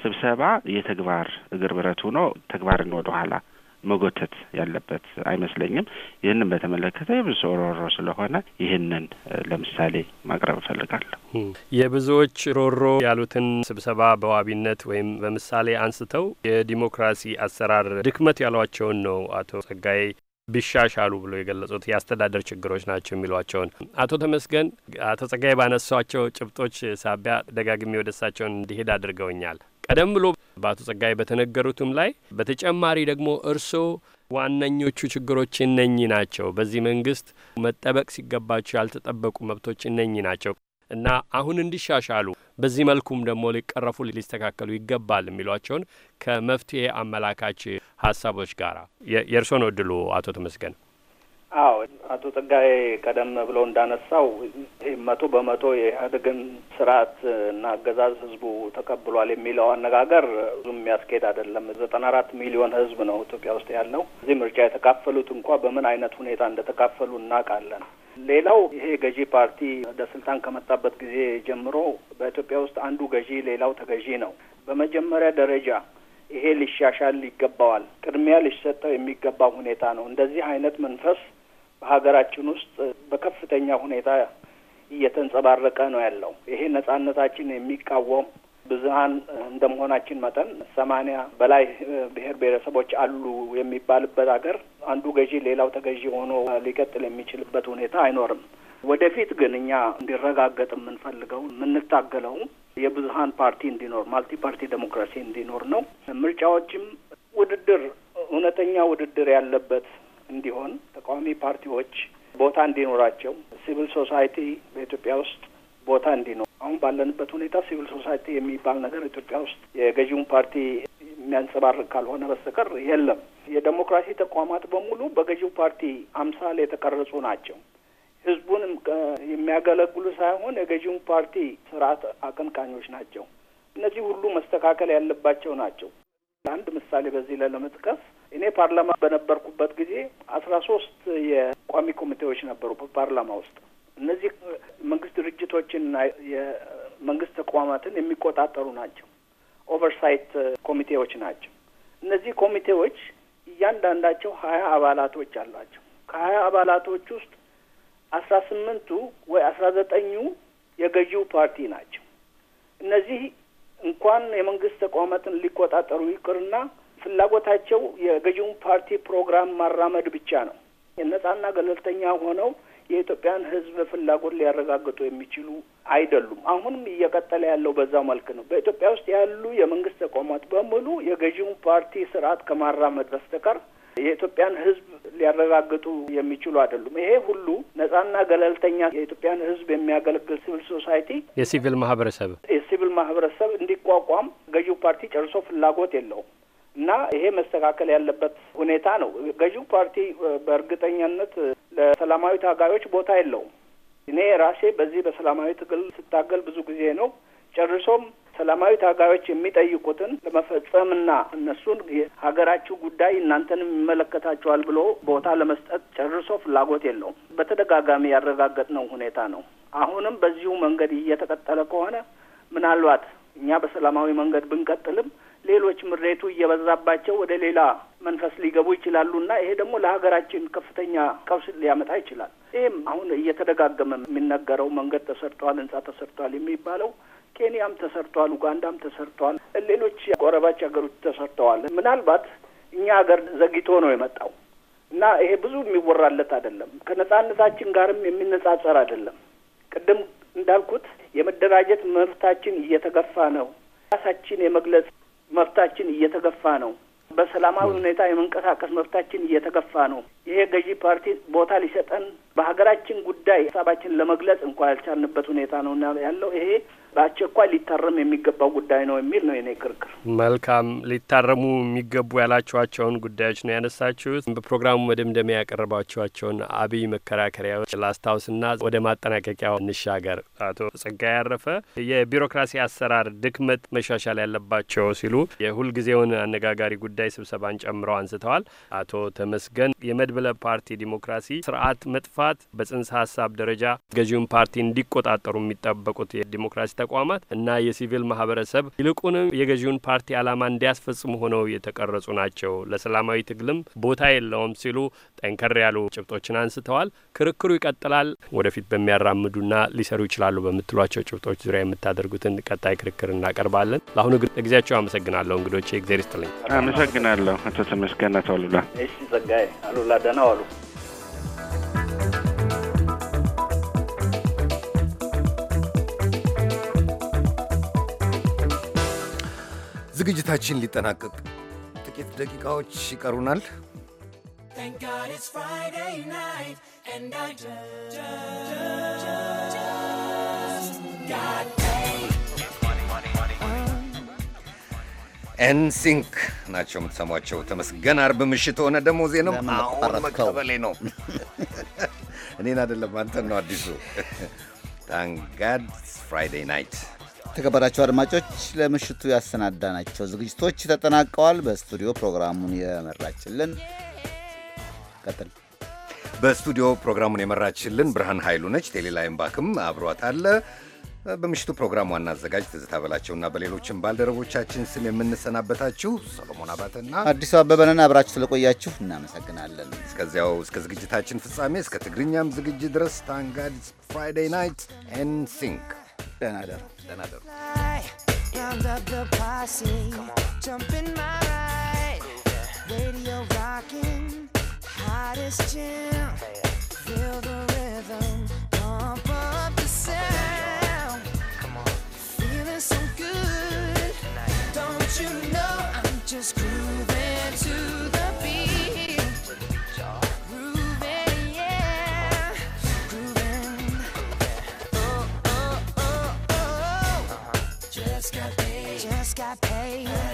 ስብሰባ የተግባር እግር ብረት ሆኖ ተግባርን ወደኋላ መጎተት ያለበት አይመስለኝም። ይህንን በተመለከተ የብዙ ሮሮ ስለሆነ ይህንን ለምሳሌ ማቅረብ እፈልጋለሁ። የብዙዎች ሮሮ ያሉትን ስብሰባ በዋቢነት ወይም በምሳሌ አንስተው የዲሞክራሲ አሰራር ድክመት ያሏቸውን ነው አቶ ጸጋዬ ቢሻሻሉ ብሎ የገለጹት የአስተዳደር ችግሮች ናቸው የሚሏቸውን አቶ ተመስገን አቶ ጸጋዬ ባነሷቸው ጭብጦች ሳቢያ ደጋግሜ ወደ እንዲሄድ አድርገውኛል። ቀደም ብሎ በአቶ ጸጋዬ በተነገሩትም ላይ በተጨማሪ ደግሞ እርስዎ ዋነኞቹ ችግሮች እነኚህ ናቸው፣ በዚህ መንግስት መጠበቅ ሲገባቸው ያልተጠበቁ መብቶች እነኚህ ናቸው፣ እና አሁን እንዲሻሻሉ በዚህ መልኩም ደግሞ ሊቀረፉ ሊስተካከሉ ይገባል የሚሏቸውን ከመፍትሄ አመላካች ሀሳቦች ጋር የእርስዎን ወድሉ አቶ ተመስገን አዎ አቶ ጸጋዬ ቀደም ብሎ እንዳነሳው መቶ በመቶ የኢህአዴግን ስርዓት እና አገዛዝ ህዝቡ ተቀብሏል የሚለው አነጋገር ብዙም የሚያስኬድ አይደለም። ዘጠና አራት ሚሊዮን ህዝብ ነው ኢትዮጵያ ውስጥ ያለው። እዚህ ምርጫ የተካፈሉት እንኳ በምን አይነት ሁኔታ እንደተካፈሉ እናውቃለን። ሌላው ይሄ ገዢ ፓርቲ ወደ ስልጣን ከመጣበት ጊዜ ጀምሮ በኢትዮጵያ ውስጥ አንዱ ገዢ ሌላው ተገዢ ነው። በመጀመሪያ ደረጃ ይሄ ሊሻሻል ይገባዋል፣ ቅድሚያ ሊሰጠው የሚገባ ሁኔታ ነው። እንደዚህ አይነት መንፈስ በሀገራችን ውስጥ በከፍተኛ ሁኔታ እየተንጸባረቀ ነው ያለው። ይሄ ነጻነታችን የሚቃወም ብዙሀን እንደመሆናችን መጠን ሰማንያ በላይ ብሔር ብሔረሰቦች አሉ የሚባልበት ሀገር አንዱ ገዢ ሌላው ተገዢ ሆኖ ሊቀጥል የሚችልበት ሁኔታ አይኖርም። ወደፊት ግን እኛ እንዲረጋገጥ የምንፈልገው የምንታገለው የብዙሀን ፓርቲ እንዲኖር ማልቲ ፓርቲ ዴሞክራሲ እንዲኖር ነው። ምርጫዎችም ውድድር፣ እውነተኛ ውድድር ያለበት እንዲሆን ተቃዋሚ ፓርቲዎች ቦታ እንዲኖራቸው፣ ሲቪል ሶሳይቲ በኢትዮጵያ ውስጥ ቦታ እንዲኖር አሁን ባለንበት ሁኔታ ሲቪል ሶሳይቲ የሚባል ነገር ኢትዮጵያ ውስጥ የገዥውን ፓርቲ የሚያንጸባርቅ ካልሆነ በስተቀር የለም። የዴሞክራሲ ተቋማት በሙሉ በገዢው ፓርቲ አምሳል የተቀረጹ ናቸው። ህዝቡንም የሚያገለግሉ ሳይሆን የገዢውን ፓርቲ ስርዓት አቀንቃኞች ናቸው። እነዚህ ሁሉ መስተካከል ያለባቸው ናቸው። አንድ ምሳሌ በዚህ ላይ ለመጥቀስ እኔ ፓርላማ በነበርኩበት ጊዜ አስራ ሶስት የቋሚ ኮሚቴዎች ነበሩ በፓርላማ ውስጥ። እነዚህ መንግስት ድርጅቶችንና የመንግስት ተቋማትን የሚቆጣጠሩ ናቸው። ኦቨርሳይት ኮሚቴዎች ናቸው። እነዚህ ኮሚቴዎች እያንዳንዳቸው ሀያ አባላቶች አሏቸው። ከሀያ አባላቶች ውስጥ አስራ ስምንቱ ወይ አስራ ዘጠኙ የገዢው ፓርቲ ናቸው። እነዚህ እንኳን የመንግስት ተቋማትን ሊቆጣጠሩ ይቅርና ፍላጎታቸው የገዢውን ፓርቲ ፕሮግራም ማራመድ ብቻ ነው። ነጻና ገለልተኛ ሆነው የኢትዮጵያን ሕዝብ ፍላጎት ሊያረጋግጡ የሚችሉ አይደሉም። አሁንም እየቀጠለ ያለው በዛው መልክ ነው። በኢትዮጵያ ውስጥ ያሉ የመንግስት ተቋማት በሙሉ የገዢውን ፓርቲ ስርዓት ከማራመድ በስተቀር የኢትዮጵያን ሕዝብ ሊያረጋግጡ የሚችሉ አይደሉም። ይሄ ሁሉ ነጻና ገለልተኛ የኢትዮጵያን ሕዝብ የሚያገለግል ሲቪል ሶሳይቲ የሲቪል ማህበረሰብ የሲቪል ማህበረሰብ እንዲቋቋም ገዢው ፓርቲ ጨርሶ ፍላጎት የለውም። እና ይሄ መስተካከል ያለበት ሁኔታ ነው። ገዢው ፓርቲ በእርግጠኛነት ለሰላማዊ ታጋዮች ቦታ የለውም። እኔ ራሴ በዚህ በሰላማዊ ትግል ስታገል ብዙ ጊዜ ነው። ጨርሶም ሰላማዊ ታጋዮች የሚጠይቁትን ለመፈጸምና እነሱን የሀገራችሁ ጉዳይ እናንተን ይመለከታቸዋል ብሎ ቦታ ለመስጠት ጨርሶ ፍላጎት የለውም። በተደጋጋሚ ያረጋገጥነው ሁኔታ ነው። አሁንም በዚሁ መንገድ እየተቀጠለ ከሆነ ምናልባት እኛ በሰላማዊ መንገድ ብንቀጥልም ሌሎች ምሬቱ እየበዛባቸው ወደ ሌላ መንፈስ ሊገቡ እና ይሄ ደግሞ ለሀገራችን ከፍተኛ ቀውስ ሊያመጣ ይችላል። ይህም አሁን እየተደጋገመ የሚነገረው መንገድ ተሰርቷል፣ ህንጻ ተሰርቷል የሚባለው ኬንያም ተሰርቷል፣ ኡጋንዳም ተሰርቷል፣ ሌሎች ጎረባች ሀገሮች ተሰርተዋል። ምናልባት እኛ ሀገር ዘግይቶ ነው የመጣው እና ይሄ ብዙ የሚወራለት አይደለም። ከነጻነታችን ጋርም የሚነጻጸር አይደለም። ቅድም እንዳልኩት የመደራጀት መብታችን እየተገፋ ነው። ራሳችን የመግለጽ መብታችን እየተገፋ ነው። በሰላማዊ ሁኔታ የመንቀሳቀስ መብታችን እየተገፋ ነው። ይሄ ገዢ ፓርቲ ቦታ ሊሰጠን በሀገራችን ጉዳይ ሀሳባችን ለመግለጽ እንኳ ያልቻልንበት ሁኔታ ነው እና ያለው ይሄ በአስቸኳይ ሊታረም የሚገባው ጉዳይ ነው የሚል ነው የኔ ክርክር። መልካም ሊታረሙ የሚገቡ ያላችኋቸውን ጉዳዮች ነው ያነሳችሁት። በፕሮግራሙ መደምደሚያ ያቀረባችኋቸውን አብይ መከራከሪያዎች ላስታውስና ወደ ማጠናቀቂያው እንሻገር። አቶ ጸጋዬ ያረፈ የቢሮክራሲ አሰራር ድክመት መሻሻል ያለባቸው ሲሉ የሁልጊዜውን አነጋጋሪ ጉዳይ ስብሰባን ጨምረው አንስተዋል። አቶ ተመስገን የመድብለ ፓርቲ ዲሞክራሲ ስርዓት መጥፋት በመግፋት በጽንሰ ሀሳብ ደረጃ ገዢውን ፓርቲ እንዲቆጣጠሩ የሚጠበቁት የዲሞክራሲ ተቋማት እና የሲቪል ማህበረሰብ ይልቁንም የገዢውን ፓርቲ ዓላማ እንዲያስፈጽሙ ሆነው የተቀረጹ ናቸው፣ ለሰላማዊ ትግልም ቦታ የለውም ሲሉ ጠንከር ያሉ ጭብጦችን አንስተዋል። ክርክሩ ይቀጥላል። ወደፊት በሚያራምዱና ሊሰሩ ይችላሉ በምትሏቸው ጭብጦች ዙሪያ የምታደርጉትን ቀጣይ ክርክር እናቀርባለን። ለአሁኑ ግን ለጊዜያቸው አመሰግናለሁ። እንግዶቼ እግዜር ይስጥልኝ። አመሰግናለሁ አቶ ተመስገን አቶ አሉላ። እሺ ጸጋዬ አሉላ ደህና ዋሉ። ዝግጅታችን ሊጠናቀቅ ጥቂት ደቂቃዎች ይቀሩናል። ኤንሲንክ ናቸው የምትሰሟቸው። ተመስገን አርብ ምሽት ሆነ ደግሞ ዜነው አሁን መቀበሌ ነው። እኔን አይደለም አንተን ነው አዲሱ ታንጋድ ፍራይዴይ ናይት የተከበራቸው አድማጮች ለምሽቱ ያሰናዳናቸው ዝግጅቶች ተጠናቀዋል። በስቱዲዮ ፕሮግራሙን የመራችልን ቀጥል በስቱዲዮ ፕሮግራሙን የመራችልን ብርሃን ኃይሉ ነች። ቴሌላይም ባክም አብሯት አለ። በምሽቱ ፕሮግራም ዋና አዘጋጅ ትዝታ በላቸውና በሌሎችም ባልደረቦቻችን ስም የምንሰናበታችሁ ሰሎሞን አባተና አዲሱ አበበንን አብራችሁ ስለቆያችሁ እናመሰግናለን። እስከዚያው እስከ ዝግጅታችን ፍጻሜ እስከ ትግርኛም ዝግጅት ድረስ ታንጋድ ፍራይዴይ ናይት ኤንድ ሲንክ ደህና ደሩ። another. Round up the posse, jump in my ride. Radio rocking, hottest jam. Feel the rhythm, pump up the sound. Feeling so good, don't you know? I'm just grooving to the. I pay.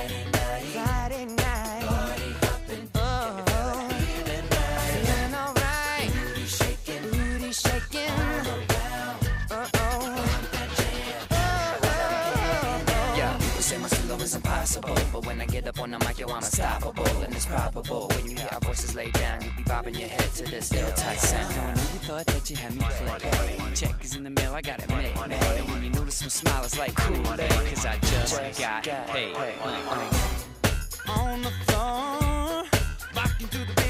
on the mic, yo, I'm unstoppable and it's probable. When you hear our voices laid down, you be bobbing your head to this ill tight sound. Knowing you thought that you had me played. Check is in the mail, I got it made. And when you notice some smile, it's like cool, cause I just got paid. On the floor, rocking to the